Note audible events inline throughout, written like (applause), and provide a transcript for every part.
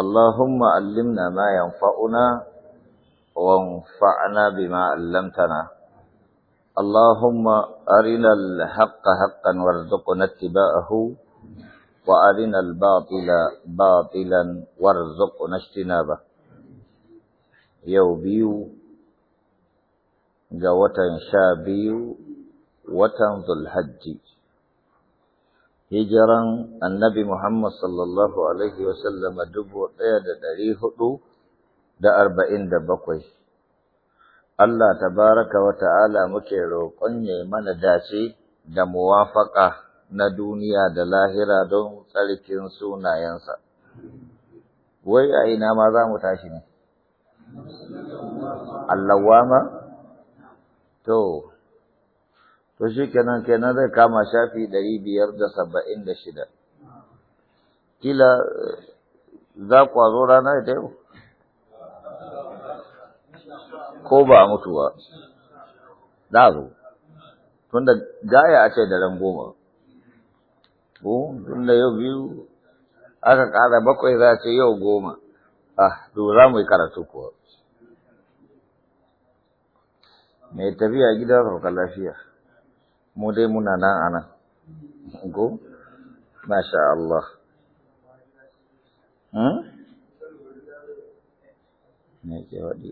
اللهم علمنا ما ينفعنا وانفعنا بما علمتنا اللهم أرنا الحق حقا وارزقنا اتباعه وأرنا الباطل باطلا وارزقنا اجتنابه يوبيو جوة شابيو وتنظ الحج hijiran annabi Muhammad sallallahu Alaihi wasallama dubu ɗaya da ɗari hudu da arba'in da bakwai. Allah ta baraka wa ta'ala muke roƙon ya mana dace da muwafaƙa na duniya da lahira don tsarkin sunayensa. Wai a ina ma za mu tashi ne? ma? To, to shi kenan kenan zai kama shafi ɗari biyar da saba'in da shida kila za kuwa zo rana da yau ko ba a mutu ba za zo tunda gaya a ce da ran goma ko da yau biyu aka ƙara bakwai za ce yau goma ah to za mu yi karatu kuwa mai tafiya gida sauka lafiya mu dai muna nan a nan go masya Allah hmm ni waɗi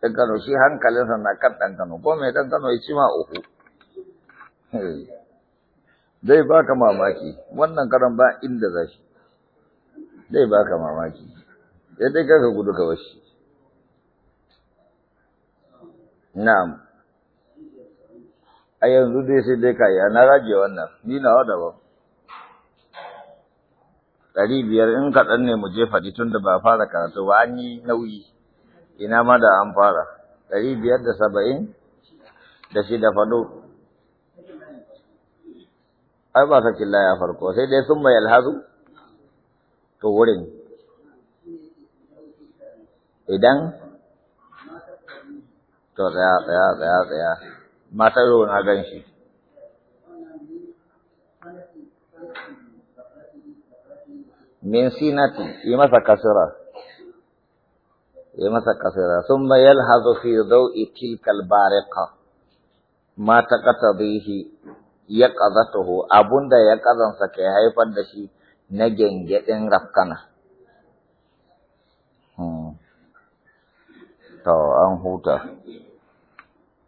di kalau (laughs) shi hankalinsa na kan dan Kano ko mai ɗan Kano ya ci ma uku zai baka mamaki wannan karan ba inda za shi zai baka mamaki ya dai kaka gudu ka bashi na'am a yanzu dai sai dai ka ya na rage wannan ni nawa daban ɗari biyar in kaɗan ne mu je faɗi tun da ba fara karatu ba an yi nauyi ina ma da an fara ɗari biyar da saba'in da shi da faɗo ai ba sakin laya farko sai dai sun mai alhazu to wurin idan To tsaya tsaya tsaya tsaya. Matar na gan shi. Min sinati, yi masa kasira. Yi masa kasira. Sun bayan hazo fi zau'i tilkal bariqa. mata kata bihi ya taho abunda ya ƙazansa ke haifar da shi na gyangyaɗin rafkana. Hmm. to an huta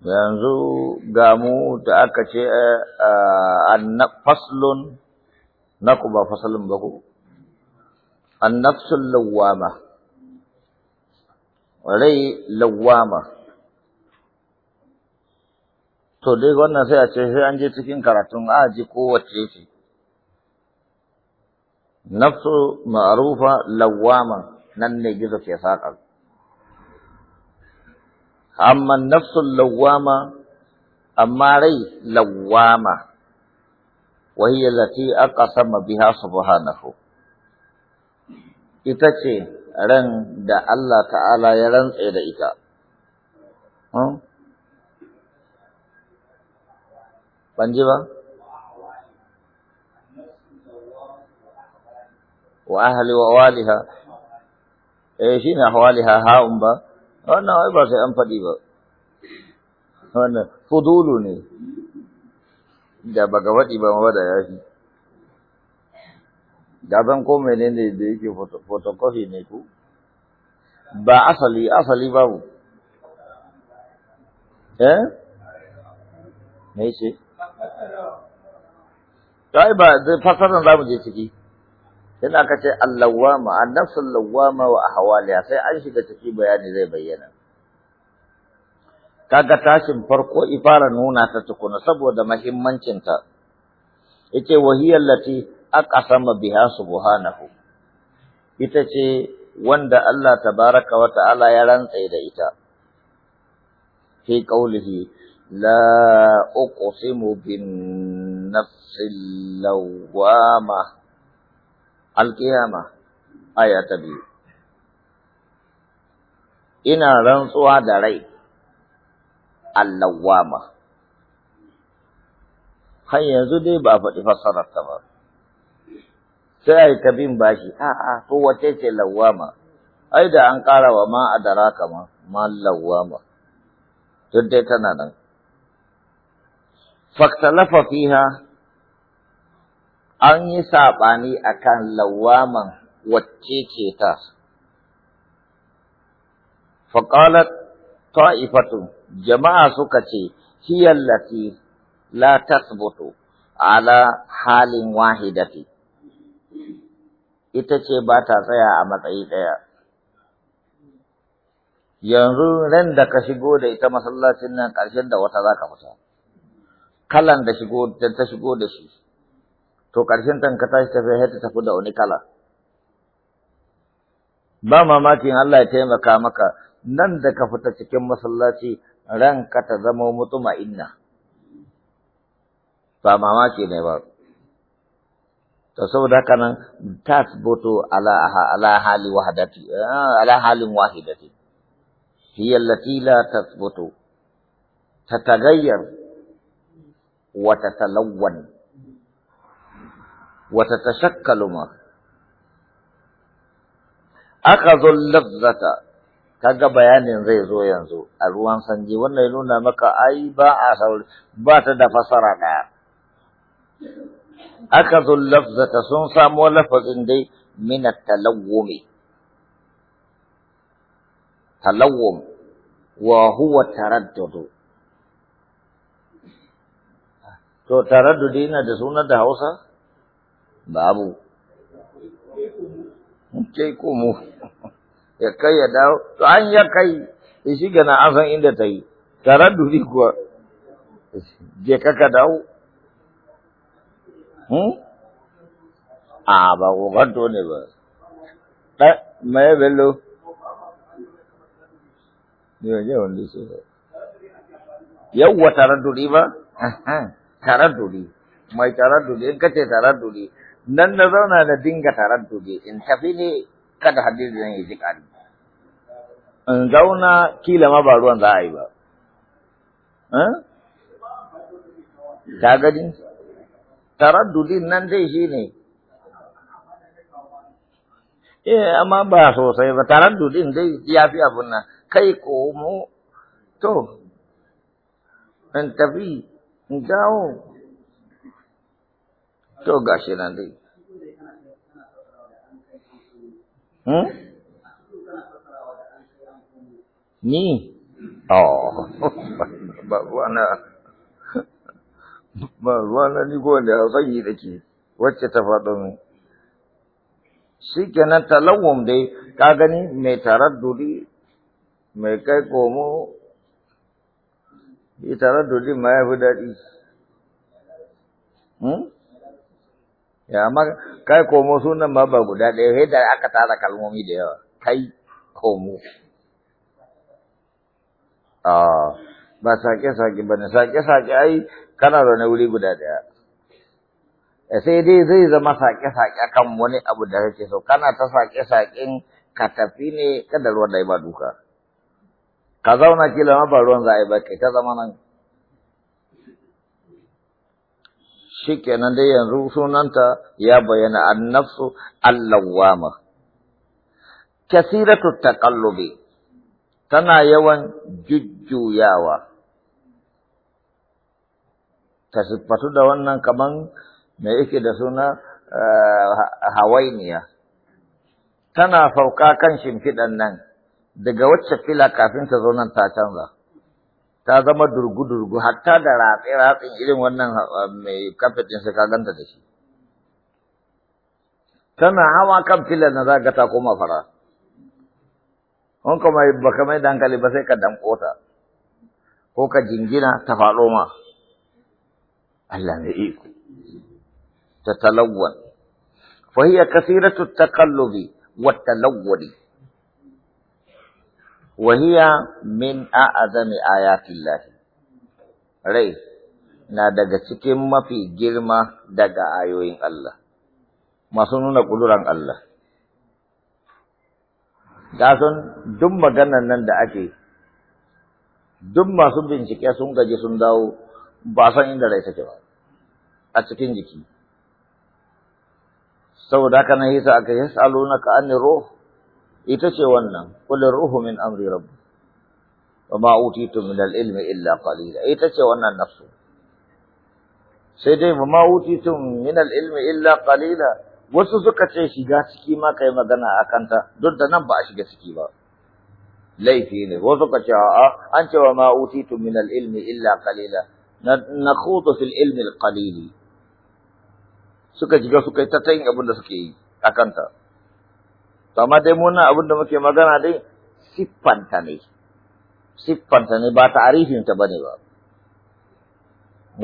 yanzu ga mu da aka ce eh, eh, faslun na ku ba faslun ba ku annafsul lawama rai lawama to dai wannan sai a ce sai an je cikin karatun a ji kowace ce nafsu ma'rufa lawama nan ne gizo ke saƙa amma nafsul lawwama amma rai lawwama wa hiya lati aqsama biha subhanahu ita ce ran da Allah ta'ala ya rantsa da ita hmm? ban ji ba wa ahli wa waliha eh shine ahwaliha ha'un ba wannan wai ba sai an faɗi ba wannan fudulu ne da baka faɗi ba ma da yafi gaban ko menene da yake photocopy ne ku ba asali asali babu eh me shi ai ba fasaran zamu je ciki in aka ce allawama annafsul lawama wa ahwaliha sai an shiga cikin bayani zai bayyana kaga tashin farko ifara nuna ta tukuna saboda muhimmancin ta yace wahiyal lati aqasama biha subhanahu ita ce wanda Allah tabaraka wa ta'ala ya rantsa da ita fi qaulihi la uqsimu bin nafsil lawama Alƙiyama aya ta biyu. Ina rantsuwa da rai, Allahwama. Har yanzu dai ba a faɗi fassararta ba. Sai a yi ta bin bashi, a'a, ko wace ce lawama, ai da an ƙara wa ma a dara kama, ma lawama, duk dai tana nan. Faktalafa fiha an yi saɓani a kan lawaman wacce ce ta. Faƙalar ta'ifatun jama'a suka ce, hiyallafi la tasbutu ala halin wahidati, ita ce ba ta tsaya a matsayi ɗaya. yanzu ran da ka shigo da ita masallacin nan ƙarshen da wata za ka fita kalan da ta shigo da shi to ƙarshen tan ka tashi tafiya sai ta tafi da wani kala ba mamakin Allah ya taimaka maka nan da ka fita cikin masallaci ranka ta zama mutuma'inna ba mamaki ne ba to saboda haka nan tasbutu ala ala hali wahdati ala halin wahidati hiya allati la tasbutu tatagayyar wa وتتشكل ما أخذوا اللذة kaga bayanin zai zo yanzu a ruwan sanji wannan ya nuna maka ai ba a sauri ba ta da fasara ɗaya aka zo lafzata sun samo lafazin dai mina talawwumi talawwum wa huwa taraddudu to taraddudi yana da sunan da Hausa babu ke mu ya kai ya dawo to an ya kai shi gana an san inda ta yi tare duri kuwa je ka ka dawo hmm? a ba kokanto ne ba ɗan mai bello yawwa tare duri ba tare duri mai tare duri in ka ce tare duri nan na zauna da dinga taraddudi in tafi ne kada hadisi zan yi ƙari in zauna kila ma ba ruwan za a yi ba ta eh? gani taraddudin nan dai shi ne eh amma ba sosai ba taraddudin dai ya fi abun nan kai komo to in tafi in dawo to gashi nan dai hmm? ni oh (laughs) ba ruwana ba ruwana ni ko da hausayi da ke wacce ta faɗo min shi kenan talawum dai ka gani mai taraddudi mai kai komo yi taraddudi ma ya fi daɗi hmm? ya amma kai komo sunan ma ba guda ɗaya sai da aka tara kalmomi da yawa kai komo a ah, ba sake-sake ba ne sake-sake ai kana zaune wuri guda ɗaya eh, sai dai zai zama sake-sake kan wani abu da kake so kana ta sake-saken ka tafi ne kada ruwan da ba duka ka zauna kila ma ba ruwan za a yi ba kai ta zama nan shi kenan dai yanzu sunanta ya bayyana annafsu allawama kasiratu taqallubi tana yawan jujjuyawa ta siffatu da wannan kaman me yake da suna eh, hawainiya tana sauka kan shimfiɗan nan daga wacce fila kafin ta zo nan ta canza ta zama durgu-durgu hatta da ratsi ratsen irin wannan mai kafetin sai ka ganta da shi tana hawa kan filan na zaga ta koma fara Wanka mai baka mai dankali ba sai ka danko ta ko ka jingina ta faɗo ma Allah mai iko ta talawwan Fahiyar kasiratu takallubi wa talawwudi من min a'azami الله rai na daga cikin mafi girma daga ayoyin Allah masu nuna ƙuduran Allah gasan duk maganar nan da ake duk masu bincike sun gaji sun dawo ba san inda rai take ba a cikin jiki saboda haka nan yasa aka yasalunaka anir ruh ita ce wannan kullu ruhu min amri rabbi wa ma utitu min al-ilmi illa qalila ita ce wannan nafsu sai dai wa ma utitu min al-ilmi illa qalila wasu suka ce shiga ciki ma kai magana akan ta duk da nan ba a shiga ciki ba laifi ne wasu suka ce a'a an ce wa ma utitu min al-ilmi illa qalila nakhudu fil ilmi al-qalili suka shiga suka yi ta tayin abin da suke yi akan ta To amma dai muna abin da muke magana dai siffanta ne, siffanta ne ba ta'arifinta ba ne ba.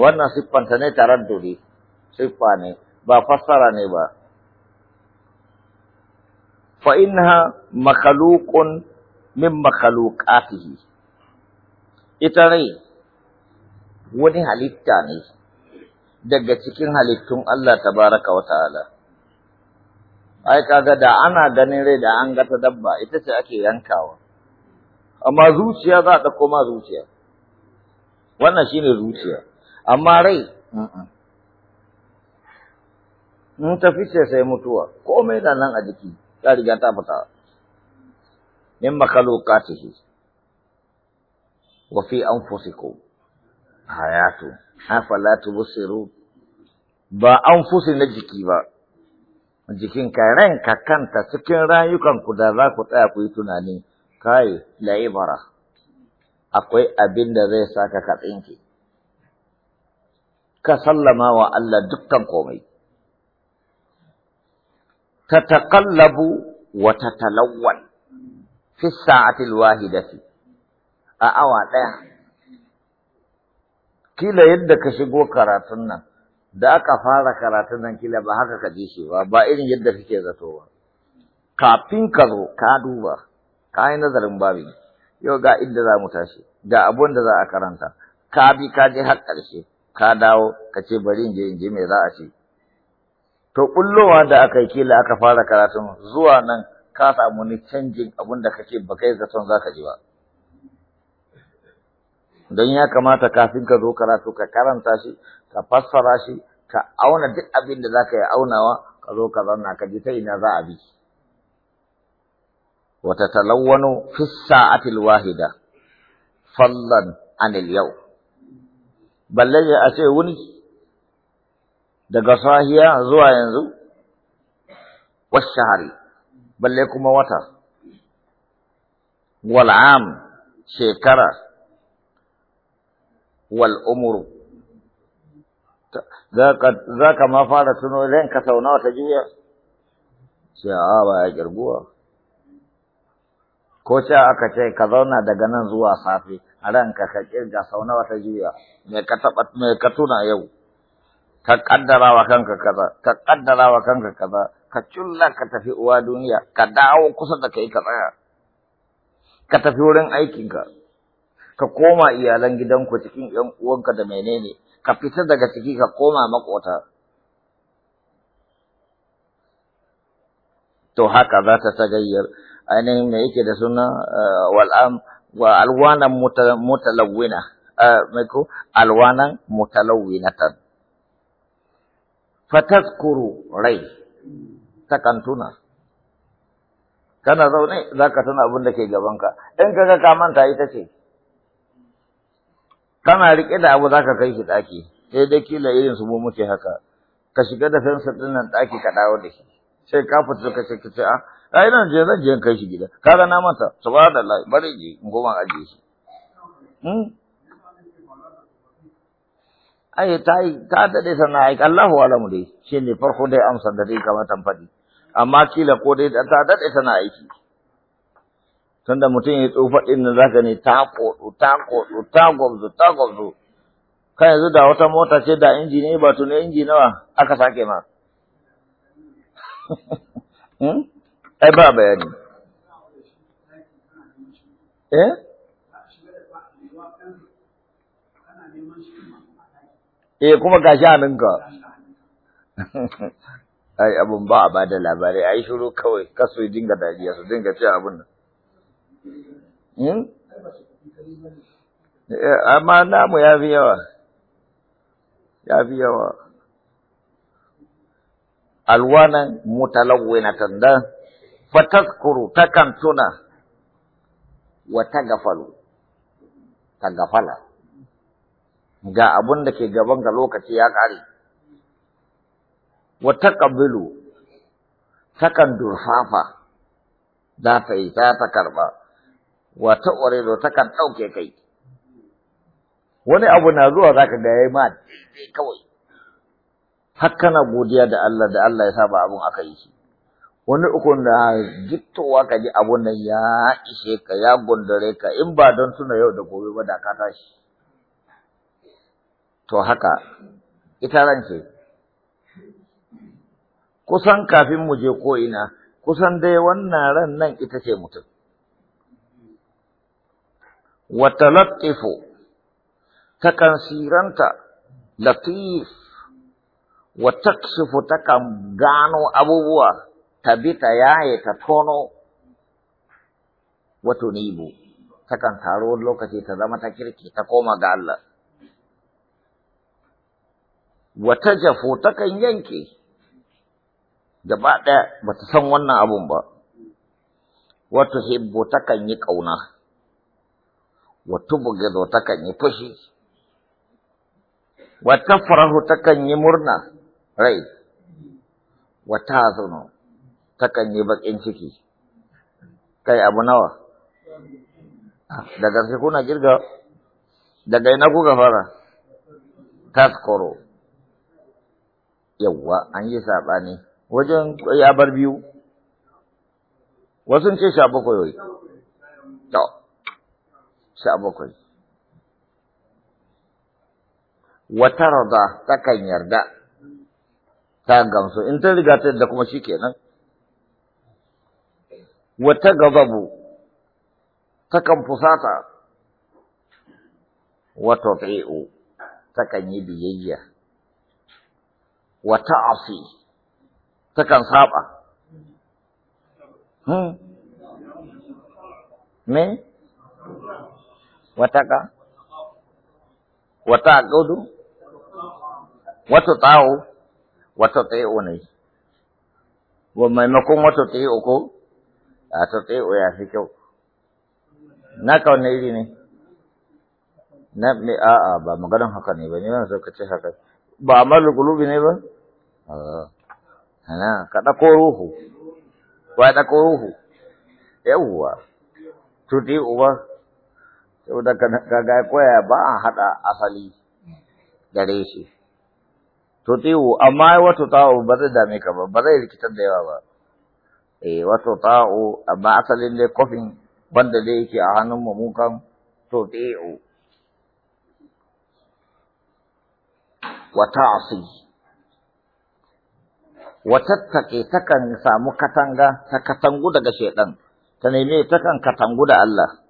Wannan siffanta ne taraddudi, siffa ne, ba fassara ne ba. فإنها مخلوق min مخلوقاته ita ne wani halitta ne daga cikin halittun Allah tabaraka wa ta'ala ai kaga da ana ganin rai da an ga ta dabba ita ce ake yankawa amma zuciya za ta koma zuciya wannan shine zuciya amma rai mun ta fice sai mutuwa komai da nan a jiki ta riga ta fita min makalokatihi wa fi anfusikum hayatu afala tubsiru ba anfusin na jiki ba jikin karen ranka kanta cikin rayukanku da za ku tsaya ku yi tunani kai laibara akwai abin da zai saka ka tsinke ka sallama wa Allah dukkan komai taƙallabu wa tatalawwal fi sa'ati alwahidati a awa daya kila yadda ka shigo karatun nan da aka fara karatun nan kila ba haka ka ji shi ba ba irin yadda kake zato ba kafin ka zo ka duba ka yi nazarin babin yau ga inda za mu tashi ga abun da za a karanta ka bi ka je har ƙarshe ka dawo ka ce bari in je in je me za a ce to kullowa da aka yi kila aka fara karatun zuwa nan ka samu ni canjin abun da kake ba kai zaton za ka ji ba don ya kamata kafin ka zo karatu ka karanta shi ka fassara shi ka auna duk abin da zaka yi aunawa ka zo ka zanna ka ji ta ina za a bi wa tatalawanu fi sa'ati alwahida fallan an alyaw balle ya ce wuni daga sahiya zuwa yanzu washahari balle kuma wata wal'am shekara wal umru za ka ma fara tuno ka sau nawa ta juya a ba ya girguwa ko ce aka ce ka zauna daga nan zuwa safe a ranka ka kirga sau nawa ta juya me ka taba me ka tuna yau ka kaddara wa kanka kaza ka kaddara wa kanka kaza ka culla ka tafi uwa duniya ka dawo kusa da kai ka tsaya ka tafi wurin aikinka ka koma iyalan gidanku cikin 'yan uwanka da menene ka fita daga ciki ka koma makota to haka za ta tagayyar ainihin me yake da suna eh, wal'am wa alwanan mutalawina, eh, mai ko alwanan Fatas fatazkuru rai takan tuna kana zaune za ka tuna abin da ke gabanka in ka ga ka manta ita ce kana riƙe da abu zaka kai shi ɗaki sai dai kila irin su mu muke haka ka shiga da fensir ɗin nan ɗaki ka dawo da shi sai ka fito ka ce ka ce a ah, ai nan je zan je kai shi gida ga na mata subhanallahi bari je in a je shi hmm? ai ta yi ta daɗe sana aiki Allahu alamu dai shi ne farko dai amsar da dai kamata amma kila ko dai ta daɗe sana aiki Tunda mutum ya tsufa ɗin nan zaka ne ta koɗu, ta koɗu, ta gwabzu, ta gwabzu. Ka yanzu da wata mota ce da inji ne ba tuni inji nawa aka sake ma. (laughs) Hmm? Ai ba bayani. Eh? Eh kuma gashi a ninka. (laughs) ai abun ba a bada labari ai shiru kawai kasu dinga dajiya su dinga cewa abun nan Hmm? Eh, amma namu ya fi yawa ya fi yawa alwanan na tanda, fataskuru ta tuna wa tagafalu tagafala ga abun da ke gaban ga lokaci ya ƙari, wa ta takan durfafa za ta yi ta ta karba wata ƙwarewa kan ɗauke kai wani abu na zuwa zaka ga yayi ma daidai kawai har na godiya da Allah da Allah ya saba abun aka yi shi wani uku da gittowa ka ji abun nan ya ishe ka ya gondare ka in ba don tuna yau da gobe ba da ka tashi to haka ita rance kusan kafin mu je ko ina kusan dai wannan ran nan ita ce mutum wa talattifu takan siranta latif wa takshifu takan gano abubuwa ta bi ta yaye ta tono wa tunibu takan taro wani lokaci ta zama ta kirki ta koma ga Allah wa tajafu takan yanke gaba ɗaya ba ta san wannan abun ba wa tuhibbu takan yi ƙauna wata bugizo takan yi fushi, wata farahu takan yi murna rai, wata zuno takan yi bakin ciki, kai abu nawa, ah, daga sai kuna girga daga ina kuka fara, taskoro, yawwa an yi saɓani wajen ya bar biyu, wasu ce sha bakwai To. sha bakwai wata rada takan yarda ta gamsu in ta riga ta yadda kuma shi kenan, wata ta takan fusata wata ta takan yi biyayya wata afi takan saba hmm? me wataka wata gudu wato tsawo wato tsayo ne wa maimakon wata tsayo ko a ta tsayo ya fi kyau na ka ne iri ne na me a a ba maganin haka ne ba ne yana ka ce haka ba amal gulubi ne ba ana ka da ko ruhu wa da ko ruhu yawwa tudi uwa saboda ga koya ba a haɗa asali gare shi to tiwu amma wato ta'u ba zai dame ka ba ba zai rikitar da yawa ba eh wato ta'u amma asalin dai kofin banda dai yake a hannun mu kan to tiwu Wata ta'si wa tattaqi takan samu katanga ta katangu daga shedan ta neme takan katangu da Allah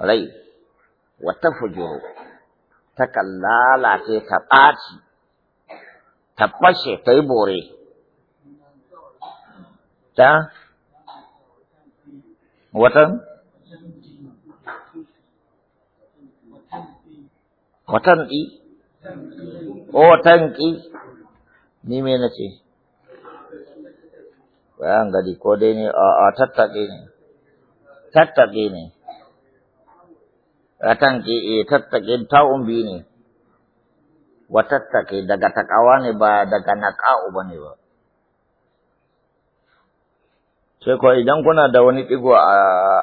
rai wata fujuru takan lalace ta ɓaci ta fashe ta yi bore ta watan watan ɗi o watan ƙi ni me na ce bayan gari ko dai ne a tattaɓe ne tattaɓe ne ratanki eh, tattakin ta'un umbi ni. wa i daga takawa ne ba daga naƙa'u ba ni ba sai kuwa idan kuna da wani ɗigo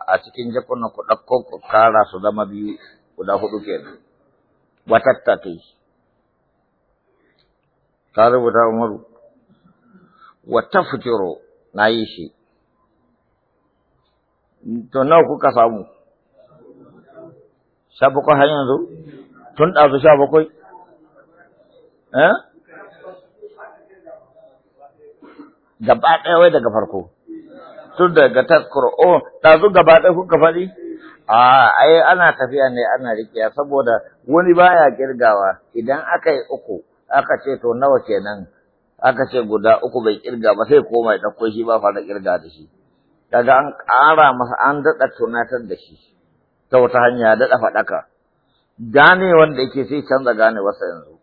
a cikin jakuna ku ɗauko ku kara su zama biyu guda hudu kenan wa tattake ta rubuta umaru wa tafjiro na yi shi to nawa kuka samu sha bakwai har yanzu tun ɗazu sha bakwai eh? gaba ɗaya wai daga farko tun daga taskuro oh ɗazu gaba ɗaya kuka faɗi a ai ana tafiya ne ana rikiya saboda wani baya kirgawa idan aka yi uku aka ce to nawa kenan aka ce guda uku bai kirga ba sai koma ya ɗauko shi ba fara kirga da shi daga an ƙara masa an daɗa tunatar da shi ta wata hanya daɗa faɗaka gane wanda yake sai canza gane wasa yanzu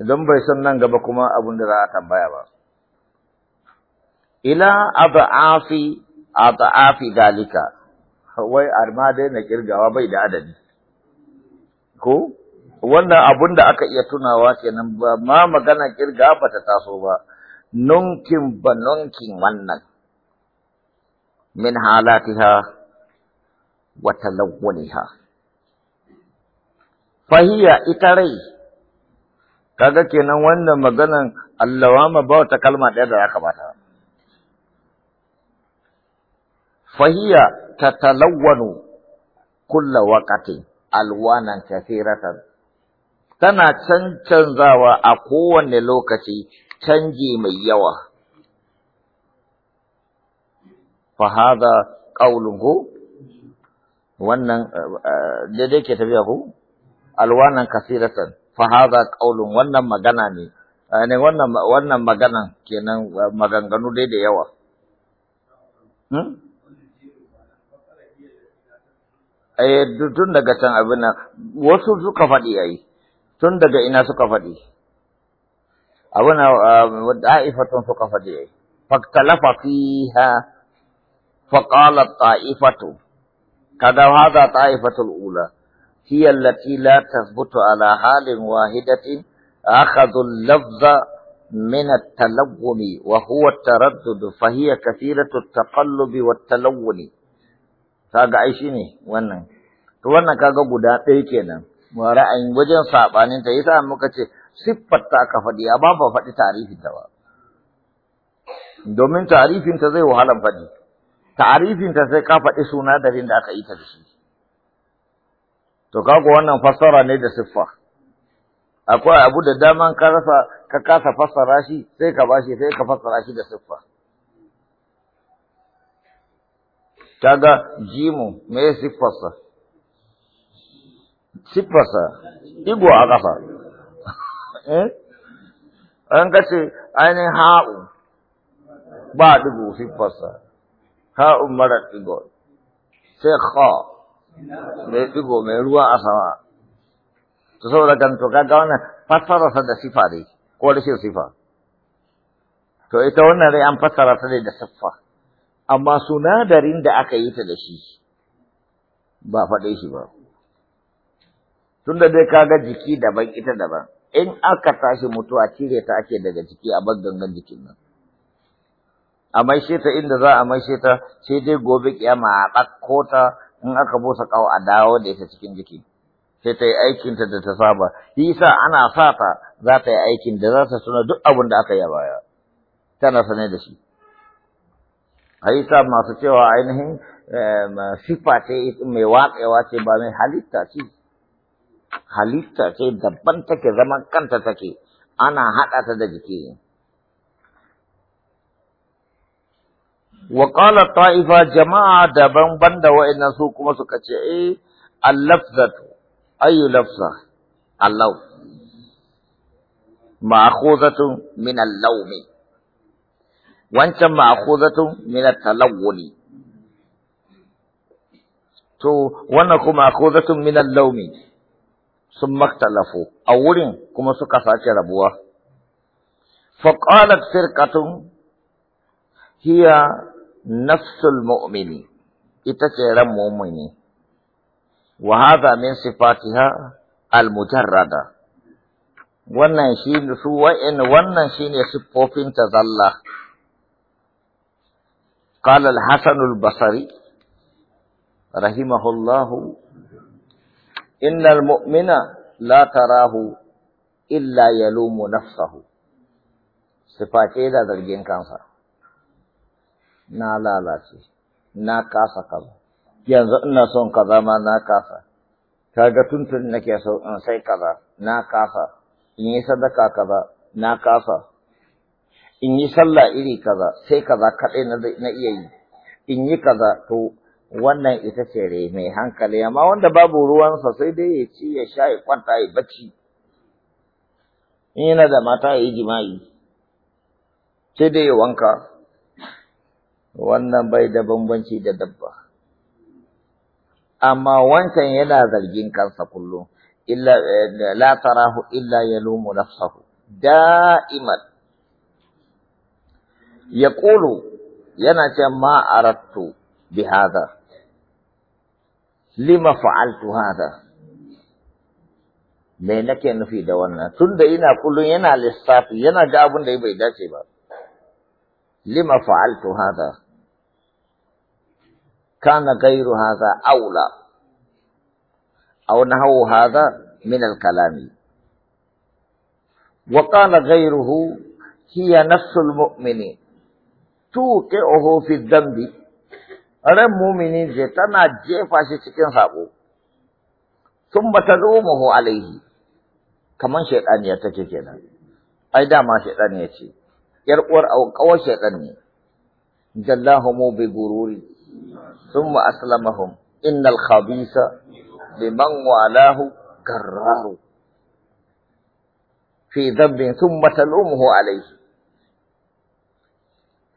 idan bai san nan gaba kuma abin da za a tambaya ba ila ad'afi ad'afi dalika wai arma dai na kirgawa bai da adadi ko wannan abun da aka iya tunawa kenan ba ma magana kirga ba ta taso ba nunkin ba nunkin wannan min halatiha وتلونها فهي إتري kaga kenan wannan maganan allawama ba wata kalma ɗaya da aka bata fahiya tatalawwanu kulla waqatin alwanan kathiratan tana cancanzawa a kowane lokaci canji mai yawa. Fahada ƙaunuhu wannan eh, eh, daidai ke tafiya ku alwanan kasiratan fa hadha qaulun wannan magana ne eh, ne wannan wannan magana kenan maganganu dai da yawa hmm? eh tun daga can abin nan wasu suka faɗi ai tun daga ina suka faɗi abin da'ifatun suka faɗi ai faktalafa fiha faqalat ta'ifatu كذا هذا طائفة الأولى هي التي لا تثبت على حال واحدة أخذ اللفظ من التلون وهو التردد فهي كثيرة التقلب والتلون كاغا عيشيني وانا وانا كاغا بودا تيكينا وراء ان وجن صعبان انت يسا مكتش سبت تاكا فدي ابابا فدي تعريف الدواء دومين تعريف انت زي وحالا فدي ta'arifinta sai ka faɗi sunadarin da aka yi ta da shi to kaga wannan fassara ne da siffa akwai abu da daman ka rasa ka kasa fassara shi sai ka bashi sai ka fassara shi da siffa kaga jimu me siffarsa siffarsa digo a ƙasa (laughs) eh an kace ainihin ha'u ba digo siffarsa ha umara ɗigo sai kha me ɗigo mai ruwa a sama to saboda kan to kaga wannan fassararsa da sifa dai ko rashin sifa to ita wannan dai an fassara ta da siffa amma sunadarin da aka yi ta da shi ba faɗe shi ba tunda dai kaga jiki daban ita daban in aka tashi mutuwa cire ta ake daga jiki a bar gangan jikin nan a maishe ta inda za a maishe ta sai dai gobe kiyama a ɗakko ta in aka busa kawo a dawo da ita cikin jiki sai ta yi aikin ta da ta saba yasa ana sa ta za ta yi aikin da za ta suna duk abin da aka yi a baya tana sane da shi sa masu cewa ainihin eh, sifa ce mai watsewa ce ba mai halitta ce halitta ce daban take zaman kanta take ana haɗa ta da jiki wa qala ta'ifa jama'a daban banda wa'annan su kuma suka ce eh al-lafzatu ayu lafza al ma'khuzatu min al-lawm wancan ma'khuzatu min at-talawwul to wannan kuma ma'khuzatu min al-lawm sun maktalafu a wurin kuma suka sace rabuwa faƙalar firkatun هي نفس المؤمن اتشير مؤمن وهذا من صفاتها المجرد ون shi su wa'in wannan shi ne siffofin ta قال الحسن البصري رحمه الله ان المؤمن لا تراه الا يلوم نفسه صفاته da zargin kansa na lalace na kasa kaza yanzu ina son kaza ma na kasa kaga tuntun nake so in sai kaza na kasa in yi sadaka kaza na kasa in yi sallah iri kaza sai kaza kaɗai na iya yi in yi kaza to wannan ita ce re mai hankali amma wanda babu ruwansa sai dai ya ci ya sha ya kwanta ya bacci in yana da mata ya yi jima'i sai dai ya wanka wannan bai da bambanci da dabba amma wancan yana zargin kansa kullum illa eh, la tarahu illa yalumu nafsahu da'iman yaqulu yana ce ma arattu bi lima fa'altu hadha me nake nufi da wannan tunda ina kullum yana lissafi yana ga abin da ya bai dace ba lima fa'altu hadha kana ghayru hadha aula aw nahawu hadha min al-kalami wa qala ghayruhu hiya nafsul mu'mini tuqi'uhu fi dhanbi ran mu'mini je tana jefa shi cikin sako thumma tadumuhu alayhi kaman shaytan ya take kenan ai dama shaytan ya ce yar uwar kawar shaitan ne jallahumu bi gururi thumma aslamahum innal khabisa liman walahu garraru fi dhanbin thumma talumuhu alayhi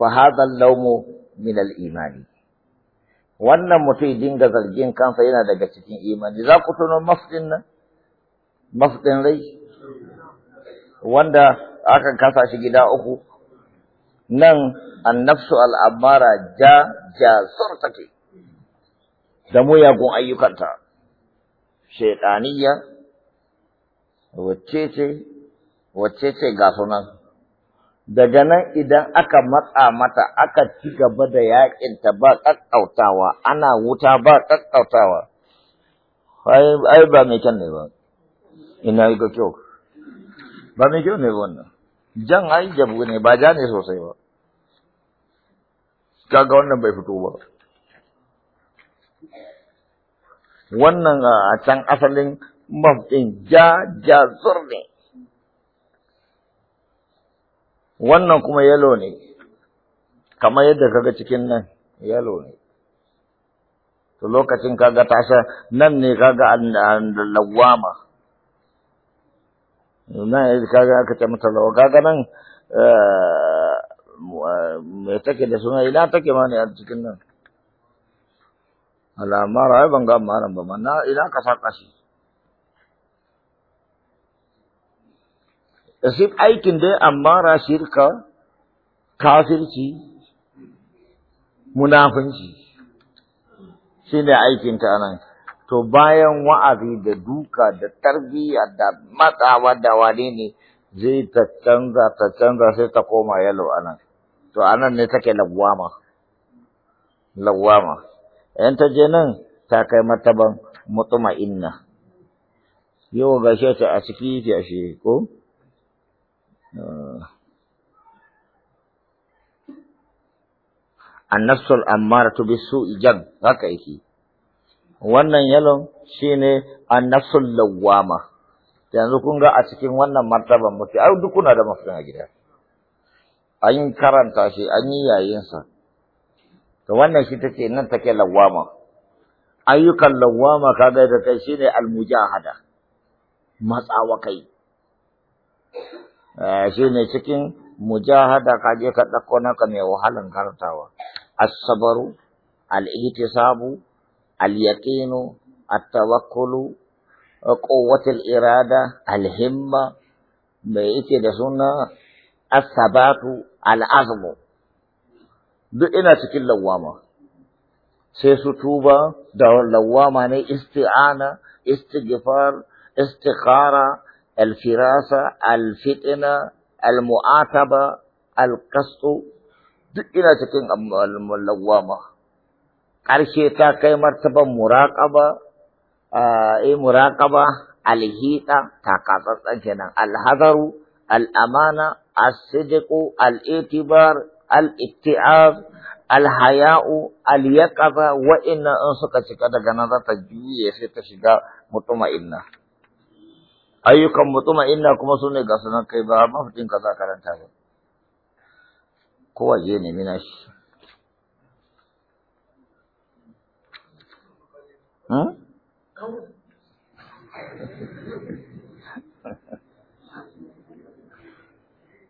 fa hadha al-lawmu min al-imani wannan mutum dinga zargin kansa yana daga cikin imani za ku tuno mafdin nan mafdin rai wanda aka kasa shi gida uku nan annafsu al'amara ja jasur take da muyagun ayyukanta shaiɗaniya wacce ce wacce ce ga sunan daga nan idan aka matsa mata aka ci gaba da yaƙinta ba ƙaƙƙautawa ana wuta ba ƙaƙƙautawa ai ba mai kyan ne ba ina yi ga kyau ba mai kyau ne wannan jan ai jabu ne ba ja ne sosai ba kaga wannan bai fito ba wannan a can asalin maf ja ja zur wannan kuma yalo ne kamar yadda kaga cikin nan yalo ne to lokacin kaga tasha nan ne kaga lawama na yanzu kaga aka ce mata lawa kaga nan eh, me take da suna ina take ma ne a cikin nan alamara ai ban ga maran ba ma na ina ka saka shi asib eh, aikin dai amara shirka kafirci munafunci shine aikin ta nan to bayan wa'azi da duka da tarbiyya da matsawa da wane ne zai ta canza ta canza sai ta koma yalo anan to anan ne take lagwama lagwama yan ta je nan ta kai mataban mutuma inna yau shi ta a ciki yake shi ko ah. ta bi su ijan haka yake wannan yalon shine annafsul lawama. yanzu kun ga a cikin wannan martaban muke ai duk kuna da mafita a gida an karanta shi an yi yayin sa to wannan shi take nan take lawama. ayyukan lawwama kaga da kai shine almujahada matsawa kai eh, shine cikin mujahada kaje ka dauko naka mai wahalan karantawa Asabaru, sabru al اليقين التوكل قوة الإرادة الهمة بيت السنة الثبات العظم دعنا تكل لواما سيسو توبا دعو اللواما ني استعانة استغفار استخارة الفراسة الفتنة المعاتبة القصد دعنا تكل لواما ƙarshe ta kai martaban muraƙaba eh muraƙaba alhiqa takatsantsan kenan alhazaru al'amana asidiku, Alitibar al alhaya'u al-yaqaza wa in suka cika daga nan za ta juye sai ta shiga inna. ayyukan mutuma inna kuma su ne ga sunan kai ba mafitin ka za karanta ba kowa je ne mina shi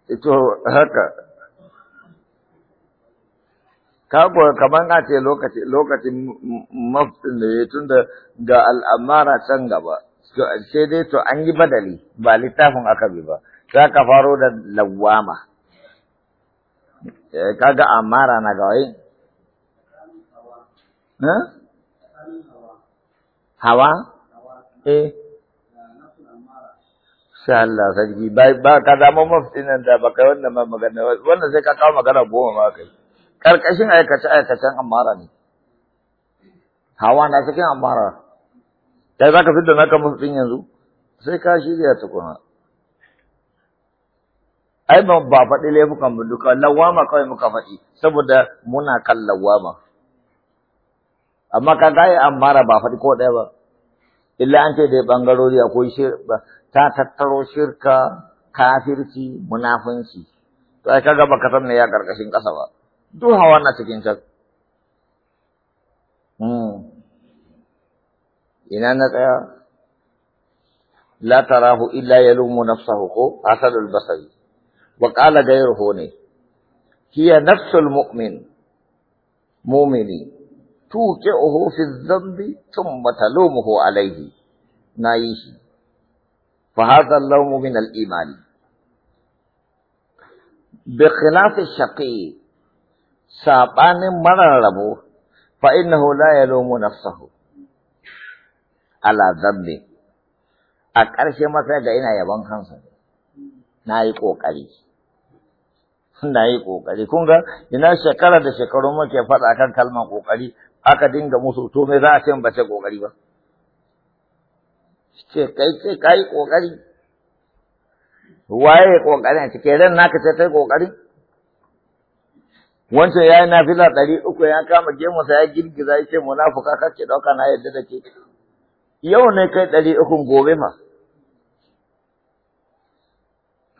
Ito haka, kago kamar na ce lokacin mafin da ya tun ga al'amara can gaba, sai dai to an yi badali ba littafin aka bi ba, za ka faro da lawama, eh, kaga amara na gawai? hawa eh sha Allah sarki bai ba ka zama nan da baka wannan ma magana wannan sai ka kawo magana goma ma kai karkashin aikace aikacen amara ne hawa na cikin amara kai zaka na kan mafsin yanzu sai ka shirya tukuna ai ba ba faɗi laifukan mu duka lawama kawai muka faɗi saboda muna kan lawama amma ka gaya amara ba faɗi ko ɗaya ba illa an ce dai bangarori akwai shirka ta tattaro shirka kafirci munafunci to ai kaga baka san me ya karkashin kasa ba duk hawa na cikin ta hmm. ina na tsaya la tarahu illa yalumu nafsahu ko asalul basari wa qala ghayruhu ne hiya nafsul mu'min mu'mini tuqi'uhu fi dhanbi thumma alaihi na yi shi fa haza lomu min al’imani. bi khilafi shaƙi, saɓanin marar mararabo fa innahu la na saho, ala zambi, a ƙarshe masa da ina yaban kansa yi ƙoƙari, na yi ƙoƙari. Kun ga ina shekara da shekaru muke faɗa kan kalmar ƙoƙari aka dinga musu to me za a ce ba ce kokari ba ce kai ce kai kokari waye kokari kokarin ke ran naka ce kai kokari wancan yayi nafila ɗari uku ya kama gemu sai ya girgiza yace ce munafuka kake dauka na yadda take yau ne kai ɗari ukun gobe ma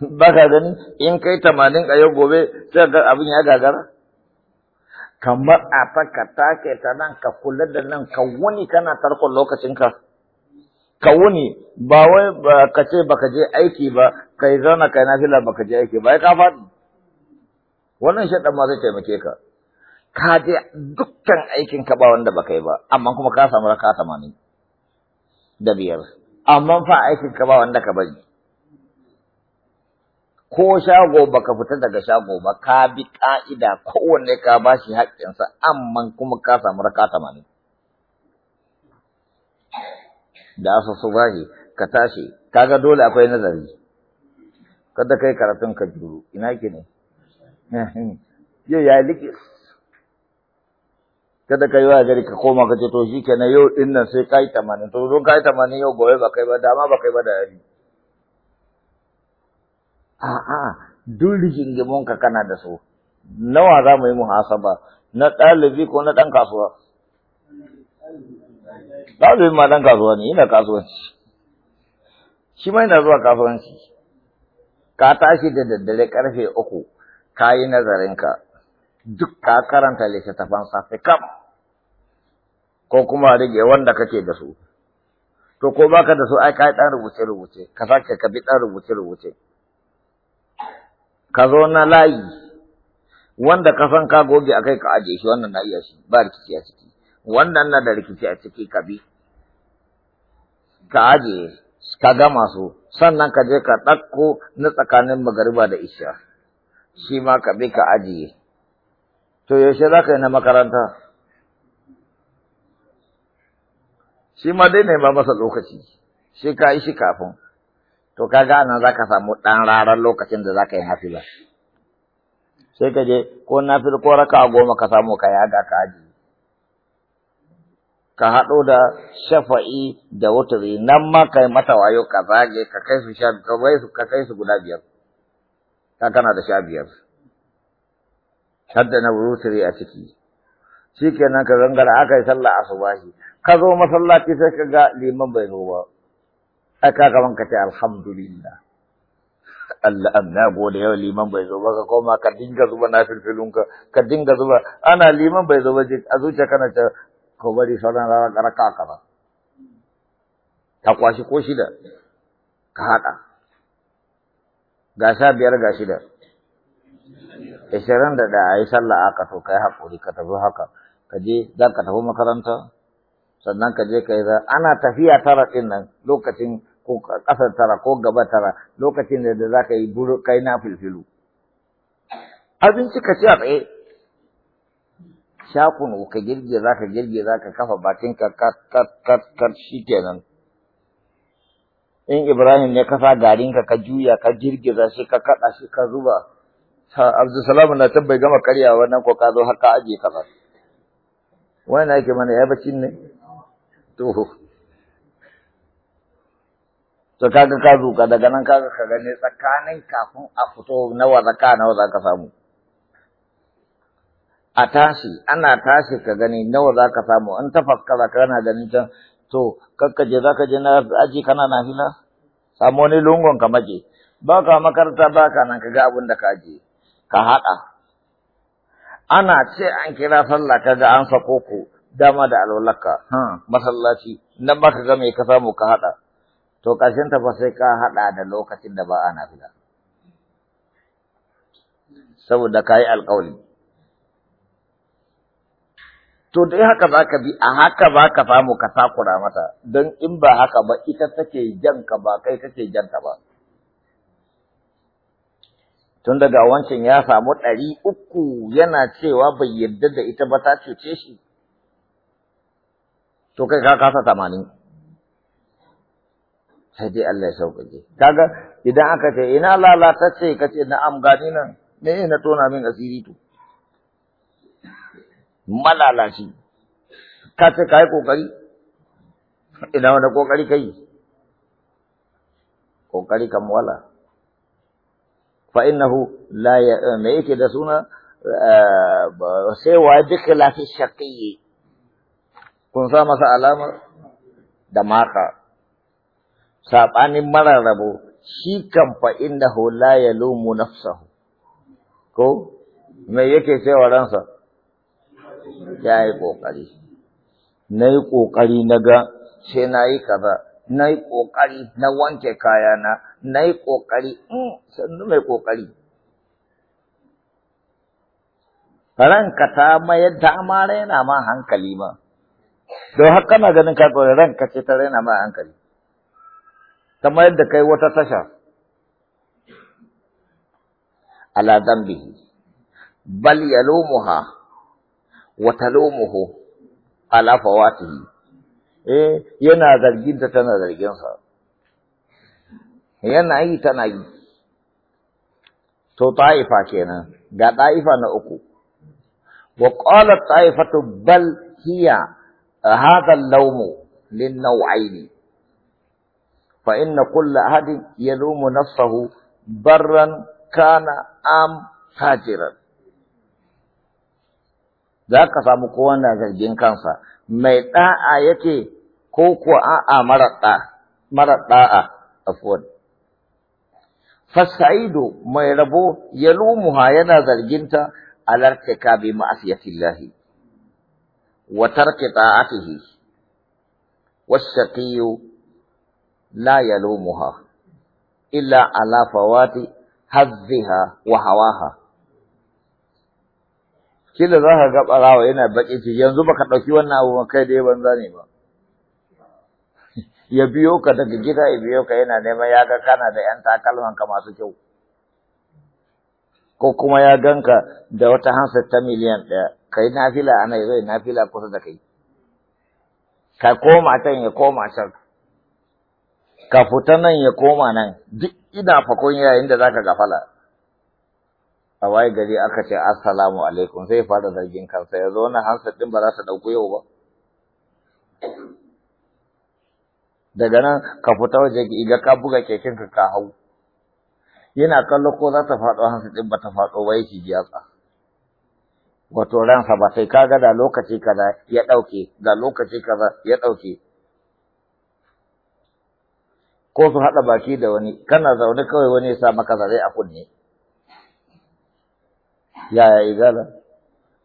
baka gani in kai tamanin a yau gobe sai ga abin ya gagara kamar a ta take ta nan ka kula da nan ka wuni kana tarkon lokacinka ka wuni ba wai ka ce baka je aiki ba kai zauna kai nafila baka je aiki ba ka faɗi wannan shaɗan ma zai taimake ka ka je dukkan aikin ka ba wanda baka yi ba amma kuma ka samu raka tamanin da biyar amma fa aikin ka ba wanda ka bari ko shago baka fita daga shago ba ka bi ka'ida kowanne ka ba shi haƙƙinsa amma kuma ka samu raka tamanin da asa shi ka tashi kaga dole akwai nazari kada kai karatun ka juru ina ki ne (laughs) yau ya liƙe kada kai wa gari ka koma ka ce to na yau din nan sai yi tamanin to don yi tamanin yau gobe ba kai ba dama ba kai ba da yari a'a duk rigingimun ka kana da su nawa za mu yi muhasaba na ɗalibi ko na ɗan kasuwa ɗalibin ma ɗan kasuwa ne yana kasuwanci shi ma yana zuwa kasuwanci ka tashi da daddare karfe uku ka yi nazarinka duk ka karanta littattafan safe kam ko kuma rige wanda kake da su to ko baka da su ai ka ɗan rubuce rubuce ka sake ka bi ɗan rubuce rubuce ka zo na layi wanda ka san ka goge a kai ka aje shi wannan na iya shi ba rikici a ciki wannan na da rikici a ciki ka bi ka aje ka gama su sannan ka je ka ɗakko na tsakanin magariba da isha shi ma ka bi ka ajiye to yaushe za ka yi na makaranta shi ma dai ba masa lokaci shi ka yi shi kafin to kaga anan zaka samu ɗan rarar lokacin da zaka yi nafila sai ka je ko nafila ko raka goma ka samu ka yaga ka aji ka haɗo da shafa'i da wuturi nan ma ka yi mata wayo ka zage ka kai su sha ka ka kai su guda biyar ka kana da sha biyar Haddana na wuturi a ciki shikenan ka zangara aka yi sallah a asubahi ka zo masallaci sai ka ga liman bai zo ba ai ka gaban ka ce alhamdulillah Allah am na gode yau liman bai zo ba ka koma ka dinga zuba na filfilun ka ka dinga zuba ana liman bai zo ba je a zuciya kana ta ko bari sauran rana karaka ba ta kwashi ko shida ka haɗa ga sha biyar ga shida ishirin da ɗaya a yi sallah aka to kai haƙuri ka tafi haka ka je za ka tafi makaranta sannan ka je ka yi za ana tafiya tara ɗin nan lokacin ko ƙasar tara ko gaba tara lokacin da da za ka yi kai na filfilu abinci ka ci a tsaye sha kunu ka girgiza za ka girgiza ka kafa bakin ka kat shi kenan in Ibrahim ne kafa garin ka ka juya ka girgiza shi ka kada shi ka zuba Abdulsalam na tabbai gama karyawa nan ko ka zo haka aje ka Wani wannan mana ya bacin ne to to kaga ka zuka daga nan kaga ka gane tsakanin kafin a fito ka na nawa ka samu a tashi ana tashi ka gani nawa ka samu An in tafakkara kana ganin can to kakkaje zaka je na aji kana na hila samu wani lungon ka maje baka makaranta baka nan ga abin da ka je. ka haɗa ana ce an kira sallah kaga an sako ku dama da alwalaka ha hmm, masallaci nan baka ga me ka samu ka haɗa to ƙarshen ta sai ka haɗa da lokacin da ba ana nafila saboda ka yi alƙawari to dai haka za ka bi a haka za ka samu ka takura mata don in ba haka ba ita take jan ka ba kai kake jan ta ba tun daga wancan ya samu ɗari uku yana cewa bai yarda da ita ba ta cuce shi, to kai ka kasa tamanin. sai dai Allah ya sauƙaƙe kaga idan aka ce ina lalatacce ka ce na'am gani nan me na tona min asiri to malalaci ka ce ka yi ƙoƙari ina wani ƙoƙari ka yi ƙoƙari kan wala fa innahu la ya me yake da suna eh, sai wa bi khilafi shaqiyyi kun sa masa alamar da maka saɓanin mararrabo shi kan fa inda hula ya na nafsahu ko me yake cewa ransa ya yi ƙoƙari na yi ƙoƙari na ga sai na yi kaza na yi ƙoƙari na wanke kayana na yi ƙoƙari mm, sannu mai ƙoƙari ranka ta mayar da amara yana ma hankali ma don haka na ganin ka ranka ce ta rena ma hankali ta mayar da kai wata tasha ala zambihi bal yalumuha wa talumuhu ala fawatihi eh yana zargin ta tana zargin sa yana yi tana yi to ta'ifa kenan ga ta'ifa na uku wa qalat ta'ifatu bal hiya hadha al-lawmu lin-naw'aini فإن كل أحد يلوم نفسه برا كان أم فاجرا ذاك زي جين كانسا ميتا آيكي كوكو آآ مرتا مرتا أفوان فالسعيد ما يربو يلومها ينا زرجنتا على ارتكاب معصية الله وترك طاعته والشقي la yalumuha illa ala fawati hazziha wa hawaha kila za ka ga ɓarawa yana baƙin ciki yanzu ka ɗauki wannan abu kai dai banza ne ba ya biyo ka daga gida ya biyo ka yana neman ya ga kana da ƴan takalmanka masu kyau ko kuma ya ganka da wata hansa ta miliyan ɗaya kai nafila ana zai nafila kusa da kai ka koma can ya koma can ka fita nan ya koma nan duk ina fakon yayin da zaka gafala a waye gari aka ce assalamu alaikum sai fara zargin kansa ya zo na hansar din ba za ta dauko yau ba daga nan ka fita waje ki, iga ka buga keken ka ka hau yana kallo ko za ta faɗo hansa din ba ta faɗo ba yake jiyatsa wato ransa ba sai kaga da lokaci kaza ya ɗauke da lokaci kaza ya ɗauke ko su haɗa baki da wani kana zaune kawai wani ya sa maka zare a kunne yaya igala